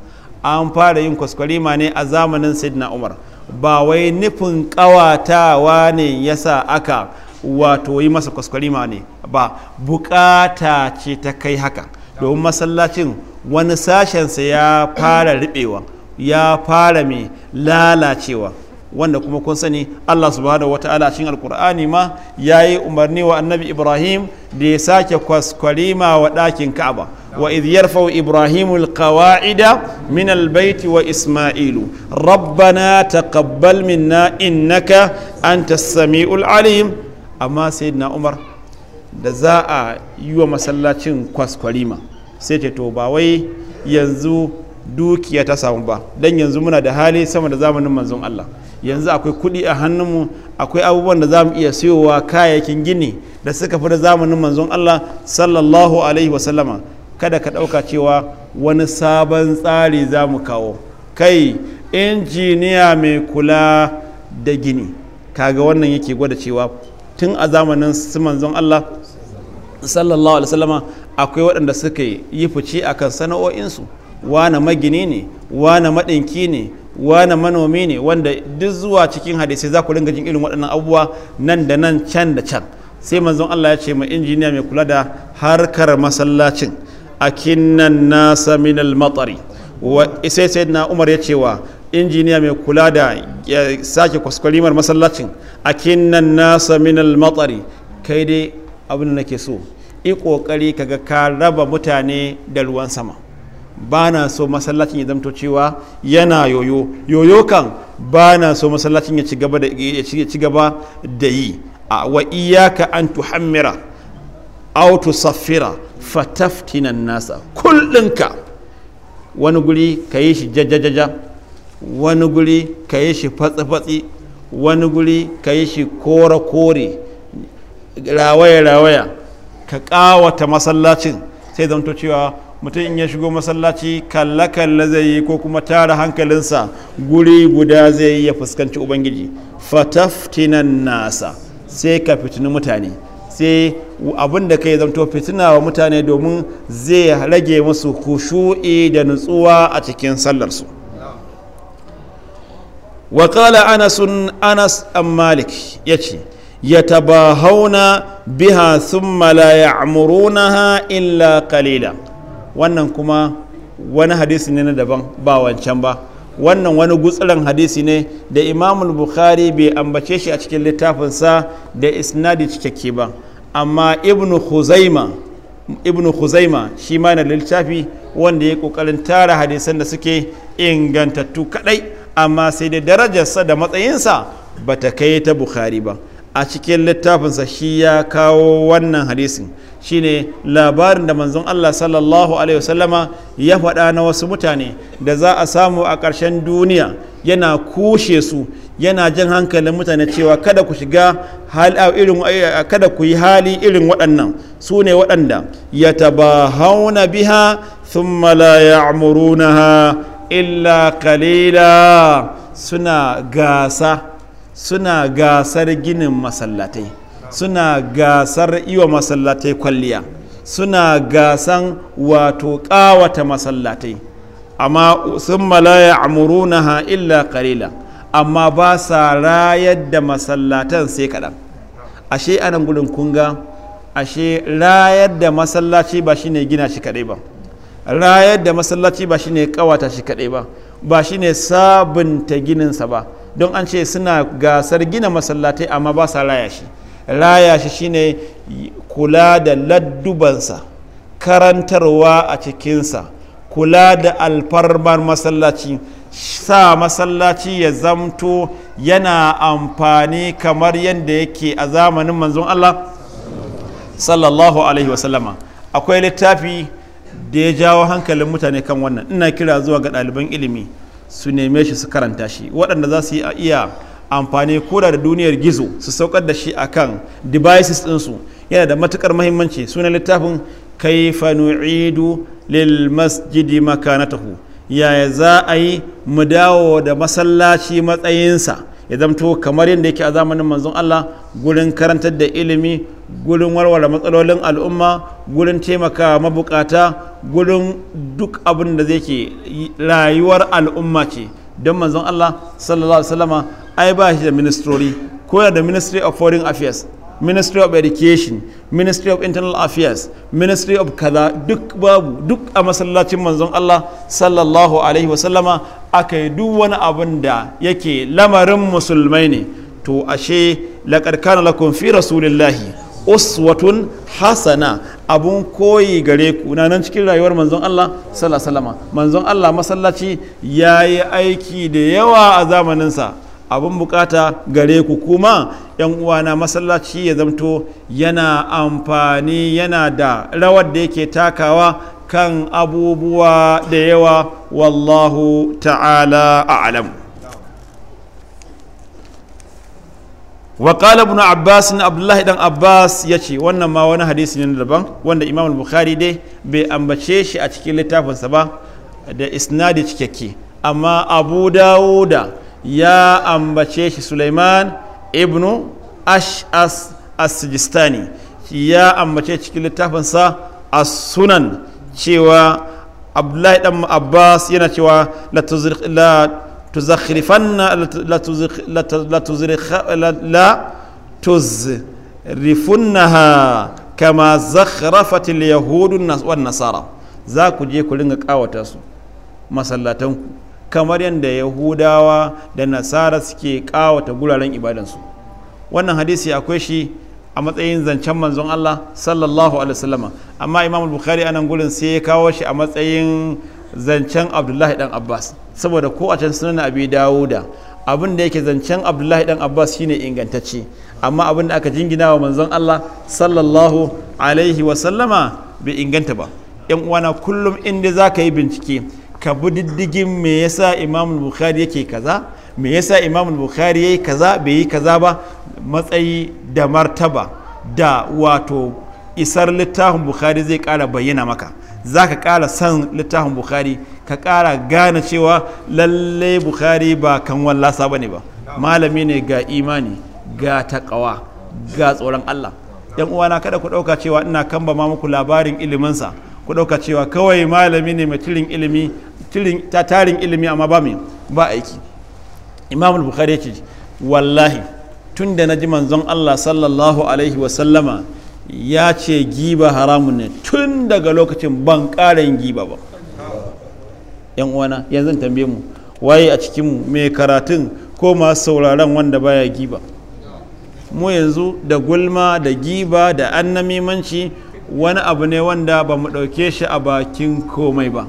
an fara yin kwaskwarima ne a zamanin sayyidina umar ba wai nufin kawatawa ne yasa aka wato yi masa kwaskwarima ne ba bukata ce ta kai haka domin masallacin wani sashensa ya fara ribewa ya fara mai lalacewa wanda kuma kun sani Allah subhanahu wata'ala cikin alkur'ani ma yayi umarni wa annabi Ibrahim da ya sake kwaskwarima wa ɗakin Ka'aba wa idh yarfau Ibrahimu alqawa'ida min albayti wa Isma'ilu rabbana taqabbal minna innaka antas samiul alim amma sayyidina Umar da za a yi wa masallacin kwaskwarima sai ce to ba wai yanzu dukiya ta samu ba don yanzu muna da hali sama da zamanin manzon Allah yanzu akwai kuɗi a hannunmu akwai abubuwan da za mu iya siyowa kayayyakin gini da suka fi da zamanin manzon Allah sallallahu alaihi wasallama kada ka ɗauka cewa wani sabon tsari za mu kawo kai injiniya mai kula da gini kaga wannan yake gwada cewa tun a zamanin su manzon Allah sallallahu alaihi wasallama akwai waɗanda suka yi fice akan sana'o'insu wane magini ne wane maɗinki ne wane manomi ne wanda duk zuwa cikin hadisai za ku ringa jin irin waɗannan abubuwa nan da nan can da can sai manzon Allah ya ce ma injiniya mai kula da harkar masallacin kinnan nasa minal matsari sai sai na Umar ya cewa injiniya mai kula da sake kwaskwalimar masallacin kinnan nasa minal matsari kai dai abin da nake so i kokari kaga ka raba mutane da ruwan sama ba na so masallacin ya zamto cewa yana yoyo yoyo kan ba na so masallacin ya ci gaba da ya ci gaba da yi a wa iyaka an tuhammira aw tusaffira fataftina nasa kullunka wani guri ka yi shi jajajaja wani guri ka yi shi fatsi-fatsi wani guri ka yi shi kore-kore rawaya-rawaya ka ƙawata masallacin sai zamto cewa mutum in ya shigo masallaci kalla-kalla zai yi ko kuma tara hankalinsa guri guda zai yi ya fuskanci ubangiji fataftinan nasa sai ka fitini mutane sai abin da ka yi zamto fitina wa mutane domin zai rage musu kushu'i da nutsuwa a cikin sallarsu وقال أنس أنس أم مالك يتي يتباهون بها ثم لا يعمرونها إلا قليلا wannan kuma wani hadisi ne na daban ba wancan ba wannan wani gutsiran hadisi ne da imamul bukhari bai ambace shi a cikin littafinsa da isnadi cikakke ba amma ibnu huzaima shi ma na littafi wanda ya kokarin tara hadisan da suke ingantattu kadai amma sai da darajarsa da matsayinsa ba ta kai ta bukhari ba a cikin littafinsa shi ya kawo wannan hadisin shine labarin da manzon Allah sallallahu alaihi wasallama ya faɗa na wasu mutane da za a samu a ƙarshen duniya yana kushe su yana jan hankalin mutane cewa kada ku shiga kada ku yi hali irin waɗannan su ne waɗanda ya tabahauna biha thumma la ha illa kalila suna gasa suna gasar ginin masallatai suna gasar iwa masallatai kwalliya suna gasan wato kawata masallatai amma sun malaya ha illa kalila amma ba sa rayar da masallatan sai kaɗan ashe anan gudun kunga ashe rayar da masallaci ba shine gina shi kaɗai ba rayar da masallaci ba shine kawata shi kaɗai ba ba shine sabunta gininsa ba don an ce suna gasar gina masallatai amma ba sa raya shi raya shi shine kula da laddubansa karantarwa a cikinsa kula da alfarmar masallaci sa masallaci ya zamto yana amfani kamar yadda yake a zamanin manzon Allah sallallahu alaihi wasallama akwai littafi da ya jawo hankalin mutane kan wannan ina kira zuwa ga ɗaliban ilimi su neme shi su karanta shi waɗanda za su iya amfani koda da duniyar gizo su saukar da shi akan devices ɗinsu yana da matukar mahimmanci sunan littafin kaifa nu'idu lil masjidi makanatahu yaya za a yi mu dawo da masallaci matsayinsa ya zamto kamar yadda yake a zamanin manzon Allah gurin karantar da ilimi gurin warware matsalolin al'umma gurin taimaka mabukata gurin duk abin da zai ke rayuwar al'umma ce don manzon Allah sallallahu alaihi wasallama ai ba shi da ministry ko da ministry of foreign affairs ministry of education ministry of internal affairs ministry of kaza duk babu duk a masallacin manzon Allah sallallahu alaihi wasallama aka yi duk wani abin da yake lamarin musulmai ne to ashe kana lakum fi rasulillahi uswatun hasana abun koyi gare ku na nan cikin rayuwar manzon Allah sallallahu manzon Allah masallaci ya yi aiki da yawa a zamaninsa abun bukata gare ku kuma yan uwana masallaci ya zamto yana amfani yana da rawar da yake takawa kan abubuwa da yawa wallahu ta'ala a'lam wa abu ibn abbas na abdullahi dan abbas ce wannan ma wani hadisi ne daban wanda imam al-bukhari dai bai ambace shi a cikin littafinsa ba da isnadi cikakke amma abu dawuda ya ambace shi suleiman ibnu ash'as as ya ambace cikin littafinsa a sunan cewa abdullahi dan abbas yana cewa tuzakhrifanna la tuzrifunnaha kama zakhrafat al wan nasara za ku je ku ringa kawata su masallatanku kamar yadda yahudawa da nasara suke kawata guraren ibadansu wannan hadisi akwai shi a matsayin zancen manzon Allah sallallahu alaihi wasallam amma imam bukhari anan gurin sai ya kawo shi a matsayin zancen abdullahi dan abbas saboda ko a can sunan abi dawuda abin da yake zancen abdullahi dan abbas shine ingantacce amma abin da aka jingina wa manzon allah sallallahu alaihi wasallama bai inganta ba yan uwana kullum inda za ka yi bincike ka bi diddigin me yasa imam bukhari yake kaza me yasa imam bukhari yayi kaza bai yi kaza ba matsayi da martaba da wato isar littafin bukhari zai kara bayyana maka za ka ƙara son littafin bukhari ka kara gane cewa lalle bukhari ba kan wallasa ba ne ba malami ne ga imani ga taƙawa ga tsoron allah yan uwana kada ku ɗauka cewa ina kan ba muku labarin iliminsa ku ɗauka cewa kawai malami ne mai tirin ilimi tirin tatarin ilimi amma ba mai ba aiki imamul bukhari ya ce wallahi tun da na ji manzon allah sallallahu alaihi wa sallama. ya ce giba haramun ne tun daga lokacin ban karin giba ba yan uwana yanzu tambaye mu waye a cikin mu mai karatun ko masu sauraron wanda baya giba mu yanzu da gulma da giba da annamimanci wani abu ne wanda ba mu ɗauke shi a bakin komai ba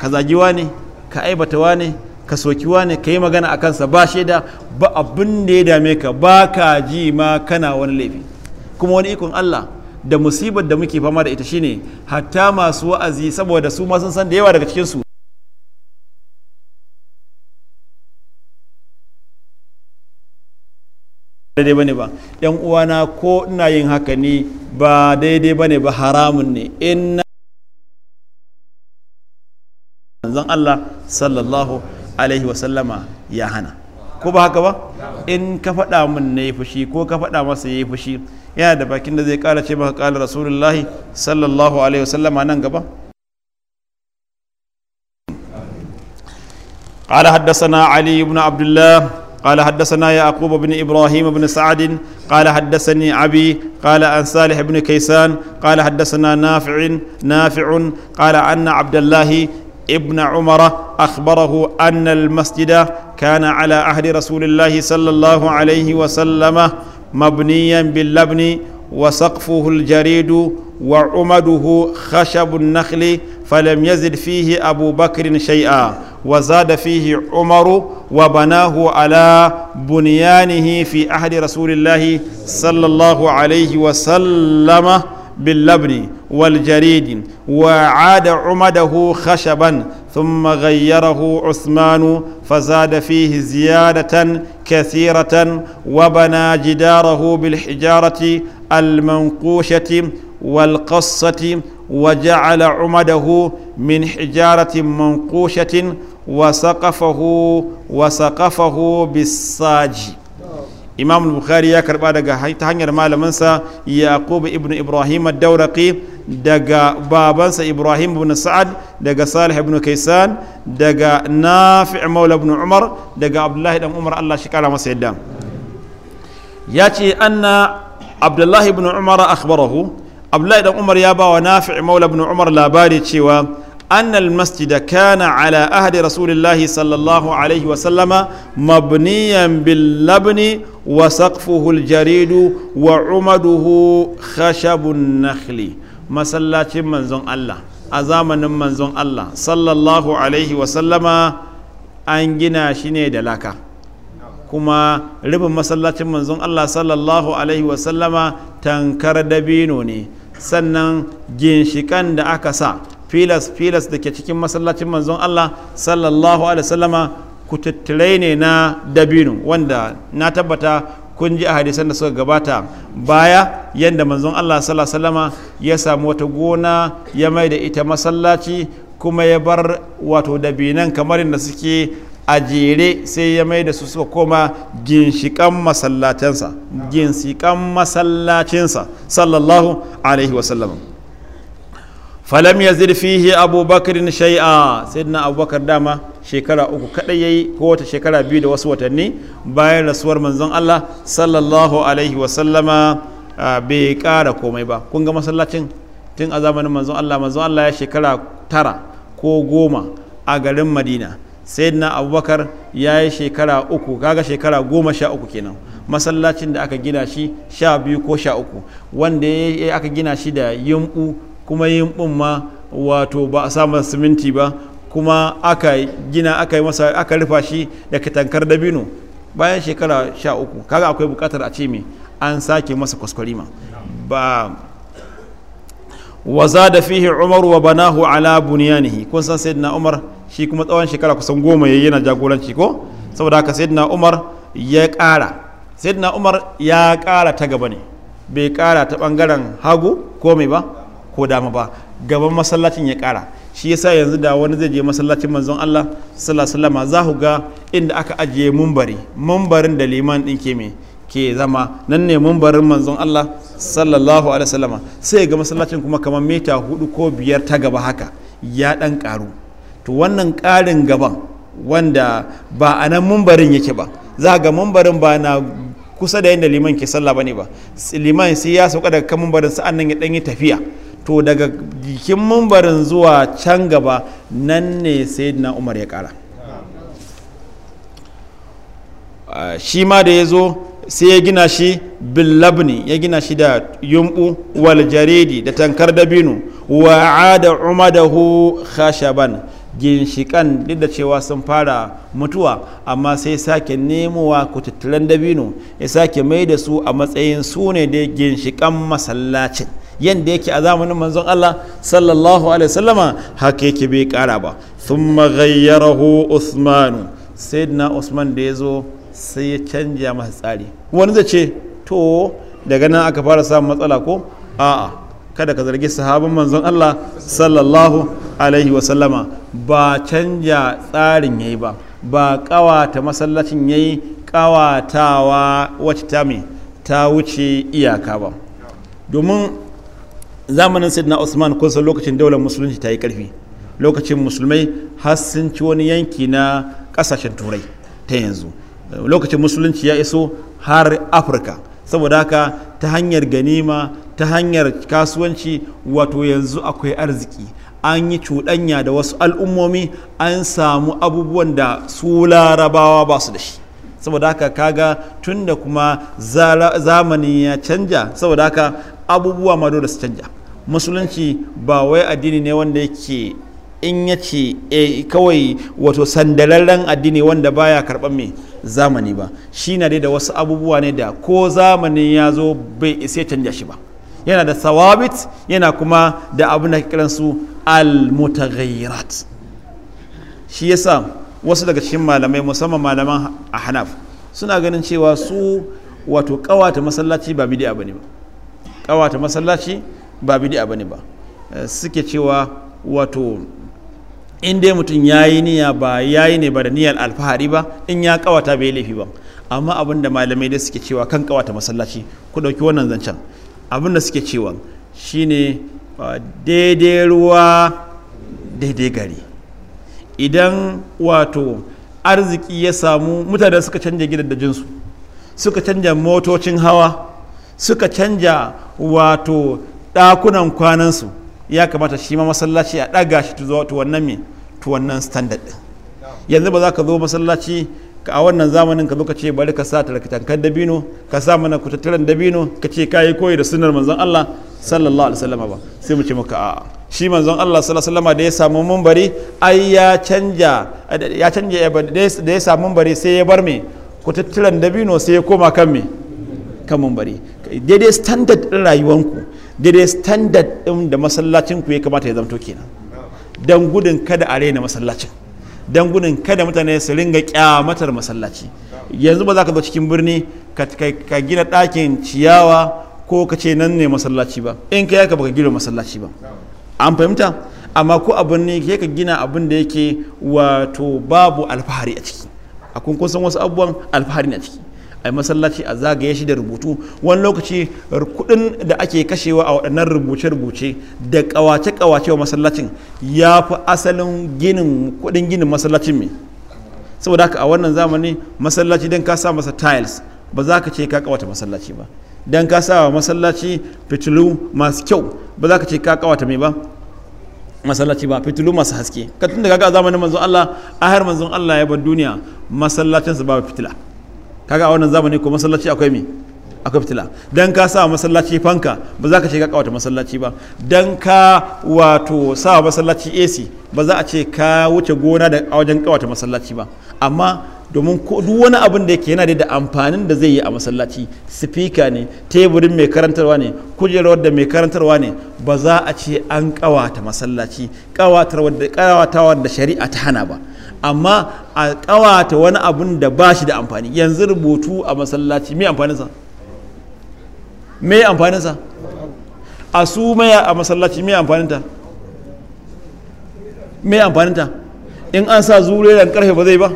ka zagiwa ne ka aibatawa ne ka sokiwa ne ka yi magana a kansa ba shaida ba abin da ya dame ka ba ka ji ma kana wani laifi kuma wani ikon Allah da musibar da muke fama da ita shine hatta masu wa'azi saboda su ma sun san da yawa daga cikin su daidai bane ba yan uwana ko ina yin haka ne ba daidai bane ba haramun ne inna manzon Allah sallallahu alaihi wa sallama ya hana ko ba haka ba in ka faɗa min na yi fushi ko ka faɗa masa ya yi fushi yana da bakin da zai kara ce maka kala rasulullahi sallallahu alaihi wasallama nan gaba قال حدثنا علي بن عبد الله قال حدثنا يعقوب بن ابراهيم بن سعد قال حدثني ابي قال عن صالح بن كيسان قال حدثنا نافع نافع قال ان عبد الله ابن عمر اخبره ان المسجد كان على عهد رسول الله صلى الله عليه وسلم مبنيا باللبن وسقفه الجريد وعمده خشب النخل فلم يزد فيه أبو بكر شيئا وزاد فيه عمر وبناه على بنيانه في عهد رسول الله صلى الله عليه وسلم باللبن والجريد وعاد عمده خشبا ثم غيره عثمان فزاد فيه زيادة كثيرة وبنى جداره بالحجارة المنقوشة والقصة وجعل عمده من حجارة منقوشة وسقفه وسقفه بالصاج imam bukhari ya karba daga ta hanyar malaminsa yaqub ibn ibrahim ad-dawraqi daga babansa ibrahim ibn sa'ad daga salih ibn kaisan daga nafi' maula ibn umar daga abdullahi dan umar Allah shi kara masa yadda ya ce anna abdullahi ibn umar akhbarahu abdullahi dan umar ya bawa wa nafi' maula ibn umar labari cewa أن المسجد كان على أهل رسول الله صلى الله عليه وسلم مبنيا باللبن وسقفه الجريد وعمده خشب النخل مسلاتي منزون الله أزامن منزون الله صلى الله عليه وسلم an gina shi ne da laka kuma rufin masallacin manzon Allah sallallahu alaihi wasallama tankar dabino ne sannan ginshikan da aka sa filas filas da ke cikin masallacin manzon Allah sallallahu alaihi wasallama ku tattalai ne na dabino wanda na tabbata kun ji a hadisan da suka gabata baya yadda manzon Allah sallama ya samu wata gona ya mai da ita masallaci kuma ya bar wato dabinan kamar da suke a jere sai ya mai da su suka koma ginshikan masallacinsa ginshikan masallacinsa sallallahu alaihi wasallam falam yazid fihi abubakar shay'a sayyidina abubakar dama shekara uku kadai yayi ko wata shekara biyu da wasu watanni bayan rasuwar manzon Allah sallallahu alaihi wa sallama bai kara komai ba kun ga masallacin tun a zamanin manzon Allah manzon Allah ya shekara tara ko goma a garin Madina sayyidina abubakar ya yi shekara uku kaga shekara goma sha uku kenan masallacin da aka gina shi sha biyu ko sha uku wanda aka gina shi da yumɓu kuma yin ma wato ba a samun siminti ba kuma aka gina aka yi masa aka rufa shi da katankar dabino bayan shekara sha uku kaga akwai bukatar a ce me an sake masa kwaskwarima ba waza da fihi umar wa banahu ala buniyanihi kun san sayyidina umar shi kuma tsawon shekara kusan goma yayi yana jagoranci ko saboda haka sayyidina umar ya kara sayyidina umar ya kara ta gaba ne bai kara ta bangaren hagu komai ba ko dama ba gaban masallacin ya kara shi yasa yanzu da wani zai je masallacin manzon Allah sallallahu alaihi za ku ga inda aka ajiye mumbari mumbarin da liman din ke me ke zama nan ne mumbarin manzon Allah sallallahu alaihi wasallam sai ga masallacin kuma kamar mita hudu ko biyar ta gaba haka ya dan karu to wannan karin gaban wanda ba a nan mumbarin yake ba za ga mumbarin ba na kusa da yadda liman ke sallah bane ba liman sai ya sauka daga kan mumbarin sa'an nan ya dan yi tafiya to daga jikin mumbarin zuwa can gaba nan ne sai na umar ya kara shi ma da ya zo sai ya gina shi billabni ya gina shi da yumbu wal jaridi da tankar dabino wa ada umadahu khashaban ginshikan duk da cewa sun fara mutuwa amma sai sake nemowa kututturen dabino ya sake mai da su a matsayin su ne da ginshikan masallacin yanda yake a zamanin manzon Allah sallallahu alaihi wasallama haka yake bai kara ba sun thumma ghayyarahu usmanu sayyidina Usman da ya zo sai ya canja masa tsari wani zai ce to daga nan aka fara samun matsala ko a'a kada ka zargi sahabin manzon Allah sallallahu alaihi wasallama ba canja tsarin yayi ba ba kawata masallacin yayi kawatawa wacce ta me ta wuce iyaka ba domin zamanin sidna usman kun lokacin daular musulunci ta yi karfi lokacin musulmai har sun ci wani yanki na kasashen turai ta yanzu lokacin musulunci ya iso har afirka saboda haka ta hanyar ganima ta hanyar kasuwanci wato yanzu akwai arziki an yi cuɗanya da wasu al'ummomi an samu abubuwan da su larabawa ba su da shi saboda haka kaga tunda kuma zamani ya canja saboda haka abubuwa ma dole su canja musulunci ba wai addini ne wanda yake in ya ce eh, kawai wato sandalallen addini wanda baya karɓar mai zamani ba shi na dai da wasu abubuwa ne da ko zamanin ya zo bai isa canja shi ba yana da sawabit yana kuma da abin da su al-mutaghayyirat shi yasa wasu daga cikin malamai musamman malaman a hanaf suna ganin cewa su wato kawata masallaci ba ba ne ba kawata masallaci ba bid'a bane ba eh, suke cewa wato in dai mutum ya yi niyya ba ya yi ne ba da niyyar alfahari ba in ya kawata bai laifi ba amma abin da malamai da suke cewa kan kawata masallaci ku ɗauki wannan zancen abin da suke cewa shine ah, daidai ruwa daidai gari idan wato arziki ya samu mutane suka canja jinsu suka canja motocin hawa suka canja wato ɗakunan kwanansu ya kamata shi ma masallaci a ɗaga shi to wannan me tu wannan standard ɗin yanzu ba za ka zo masallaci a wannan zamanin ka zo ka ce bari ka sa tarkatankan dabino ka sa mana kutattaran dabino ka ce ka yi koyi da sunar manzon Allah sallallahu alaihi wasallam ba sai mu ce maka a'a shi manzon Allah sallallahu alaihi wasallam da ya samu mumbari ai ya canja ya canja da ya samu mumbari sai ya bar me kutattaran dabino sai ya koma kan me kan mumbari daidai standard ɗin rayuwanku daidai standard ɗin da masallacinku ya kamata ya zamto kenan don gudun kada a raina masallacin don gudun kada mutane su ringa kyamatar masallaci yanzu ba za ka zo cikin birni ka gina ɗakin ciyawa ko ka ce nan ne masallaci ba in ka yaka baka gina masallaci ba an fahimta amma ko abin ne ke ka gina abin da yake wato babu alfahari a ciki a kun wasu abubuwan alfahari ne a ciki a masallaci a zagaye shi da rubutu wani lokaci kudin da ake kashewa a waɗannan rubuce-rubuce da ƙawace-ƙawace wa masallacin ya fi asalin ginin kudin ginin masallacin mai saboda haka a wannan zamani masallaci don ka sa masa tiles ba za ka ce ka ƙawata masallaci ba don ka sa masallaci fitilu masu kyau ba za ka ce ka ƙawata mai ba masallaci ba fitilu masu haske ka tun da kaga zamanin manzon Allah a har manzon Allah ya bar duniya su ba fitila kaga a wannan zamani ko masallaci akwai mi akwai fitila dan ka sa masallaci fanka ba za ka ce ka kawata masallaci ba dan ka wato sa masallaci AC ba za a ce ka wuce gona da wajen kawata masallaci ba amma domin duk wani abin da yake yana da amfanin da zai yi a masallaci sifika ne teburin mai karantarwa ne kujerar da mai karantarwa ne ba za a ce an kawata masallaci kawatawa da shari'a ta hana ba amma a kawata wani abun da ba shi da amfani yanzu rubutu a masallaci me amfaninsa me amfaninsa a su maya a masallaci me amfaninta me amfaninta in an sa zure da karfe ba zai ba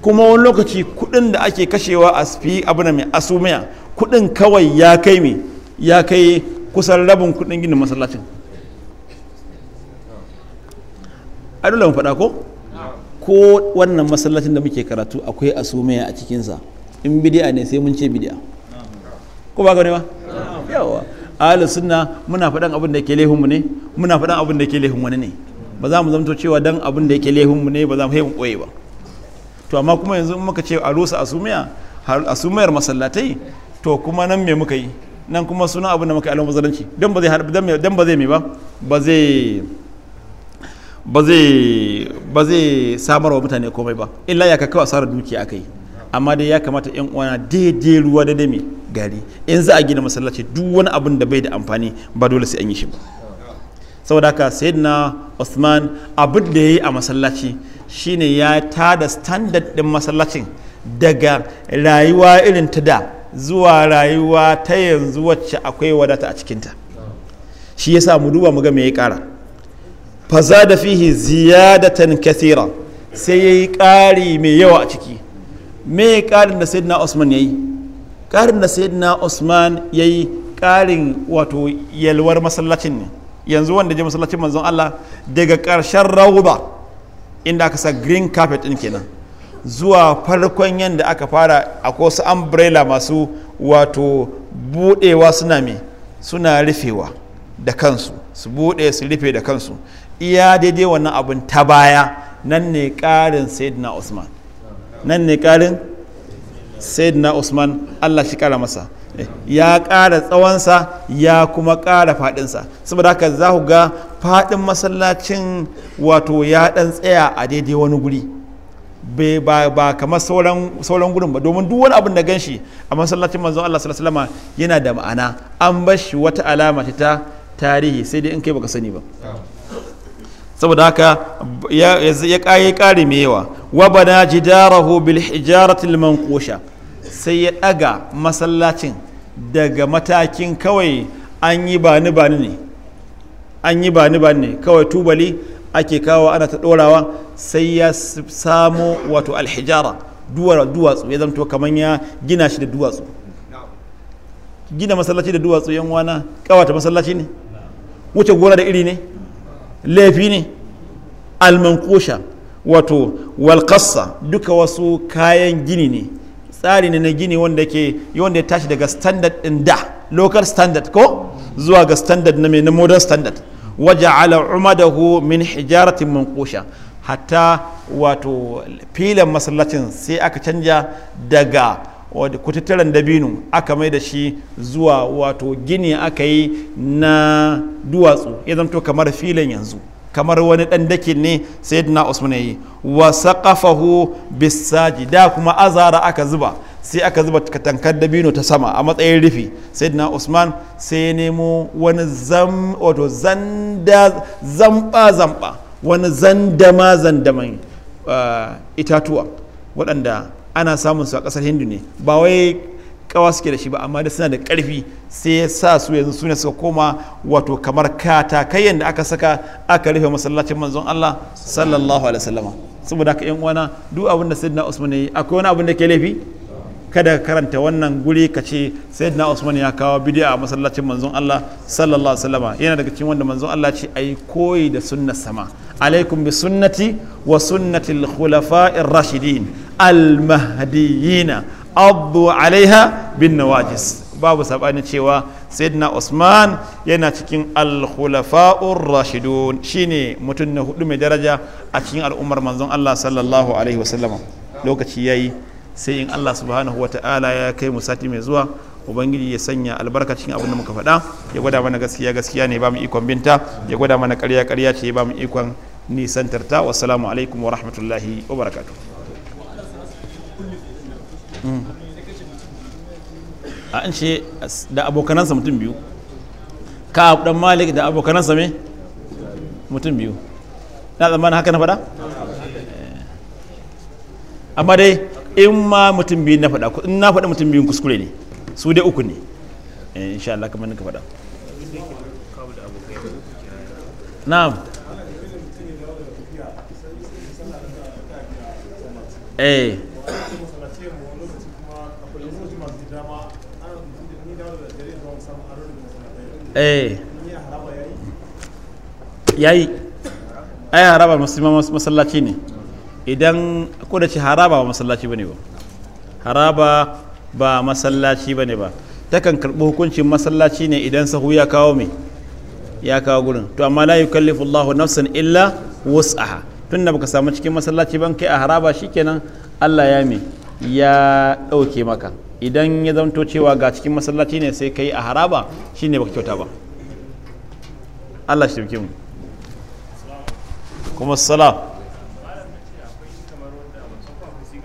kuma wani lokaci kudin da ake kashewa a fi abin mai asumaya kudin kawai ya kai mai ya kai kusan rabin kudin ginin masallacin a dole mu faɗa ko ko wannan masallacin da muke karatu akwai asumaya a cikinsa in bidi'a ne sai mun ce bidi'a ko ba ne ba yawa ahlus sunna muna faɗan abin da yake lehin mu ne muna faɗan abin da yake lehun wani ne ba za mu zamto cewa dan abin da yake lehin mu ne ba za mu haihu koyi ba to amma kuma yanzu muka ce a rusa asumiya asumayar masallatai to kuma nan me muka yi nan kuma suna abin da muka yi alamu zalunci dan ba zai dan ba zai me ba ba zai ba zai samar wa mutane komai ba illa ya kakawa asarar dukiya yi amma dai ya kamata yan uwana daidai ruwa da dame gari in za a gina masallaci duk wani abin da bai da amfani ba dole sai an yi shi ba saboda haka sayyidina Usman abin da ya yi a masallaci shine ya da standard din masallacin daga rayuwa irin ta da zuwa rayuwa ta yanzu wacce akwai wadata a cikinta shi yasa mu duba mu ga me ya kara faza da fihi ziyadatan kathira sai ya yi ƙari mai yawa a ciki me ƙarin da sayyidina usman ya yi ƙarin da sayyidina usman ya yi ƙarin wato yalwar masallacin ne yanzu wanda je masallacin manzon Allah daga ƙarshen rauba inda aka sa green carpet ɗin kenan zuwa farkon yanda aka fara akwai wasu umbrella masu wato buɗewa suna me suna rufewa da kansu su buɗe su rufe da kansu iya daidai wannan abin ta baya nan ne karin sayyidina usman nan ne karin sayyidina usman allah shi kara masa eh, ya kara tsawonsa ya kuma kara fadinsa saboda haka za ku ga fadin masallacin wato ya dan tsaya a daidai wani guri ba kamar sauran gurin ba domin duk wani abin da ganshi a masallacin manzon Allah sallallahu yana da ma'ana an bar wata alama ta tarihi sai dai in kai baka sani ba saboda haka ya kayi kare mai yawa wa bana jidarahu bil hijaratil manqusha sai ya daga masallacin daga matakin kawai an yi bani bani ne an yi bani bani ne kawai tubali ake kawo ana ta dorawa sai ya samo wato alhijara duwatsu ya zanto kamar ya gina shi da duwatsu gina masallaci da duwatsu yan wana kawata masallaci ne wuce gona da iri ne laifi ne almankusha wato walƙassa duka wasu kayan gini ne tsari ne na gini wanda ke wanda ya tashi daga standard ɗin da local standard ko zuwa ga standard na na modern standard waje ala umadahu min hijaratin mankusha hatta wato filin masallacin sai aka canja daga kututturen dabino aka mai da shi zuwa wato gini aka yi na duwatsu ya zamto kamar filin yanzu kamar wani ɗan daki ne sai na usman yi wasa ƙafahu bisaji da kuma azara aka zuba sai aka zuba katankar dabino ta sama a matsayin rufi sai na usman sai ya nemo wani wato zamba zamba wani zandama zandaman ah, itatuwa waɗanda ana samun su a kasar hindu ne ba wai kawa suke da shi ba amma da suna da karfi sai ya sa su yanzu su ne suka koma wato kamar katakai da aka saka aka rufe masallacin manzon Allah sallallahu alaihi wasallama saboda haka yan uwana duk abin da sayyidina Usman ya yi akwai wani abin da ke laifi kada ka karanta wannan guri ka ce sayyidina Usman ya kawo bid'a a masallacin manzon Allah sallallahu alaihi wasallama yana daga cikin wanda manzon Allah ce ai koyi da sunnar sama alaikum bi sunnati wa sunnati al-khulafa'ir rashidin almahdiyina abu alaiha bin nawajis babu sabani cewa sayyidina usman yana cikin alkhulafa'ur rashidun shine mutum na hudu mai daraja a cikin al'ummar manzon Allah sallallahu alaihi wasallam lokaci yayi sai in Allah subhanahu ta'ala ya kai mu sati mai zuwa ubangiji ya sanya albarka cikin abin da muka faɗa ya gwada mana gaskiya gaskiya ne ba mu ikon binta ya gwada mana ƙarya ƙarya ce ba mu ikon nisantarta salamu alaikum wa rahmatullahi wa barakatuh a an ce da abokanansa mutum biyu ka dan malik da abokanansa me mutum biyu na tsammanin haka na faɗa eh. amma dai in ma mutum biyu na faɗa in na faɗa mutum biyun kuskure ne su dai uku ne eh, insha Allah kamar ka faɗa na'am eh eh yayi ai haraba masallaci ne idan ko da ce haraba ba masallaci bane ba haraba ba masallaci bane ba takan karɓi hukuncin masallaci ne idan sahu ya kawo mai ya kawo gurin to amma la yukallifu Allahu nafsan illa wus'aha tunda baka samu cikin masallaci ban kai a haraba shikenan Allah ya me ya ɗauke maka idan ya zanto cewa ga cikin masallaci ne sai kai a haraba shi ne baka kyauta ba Allah shi mu kuma salam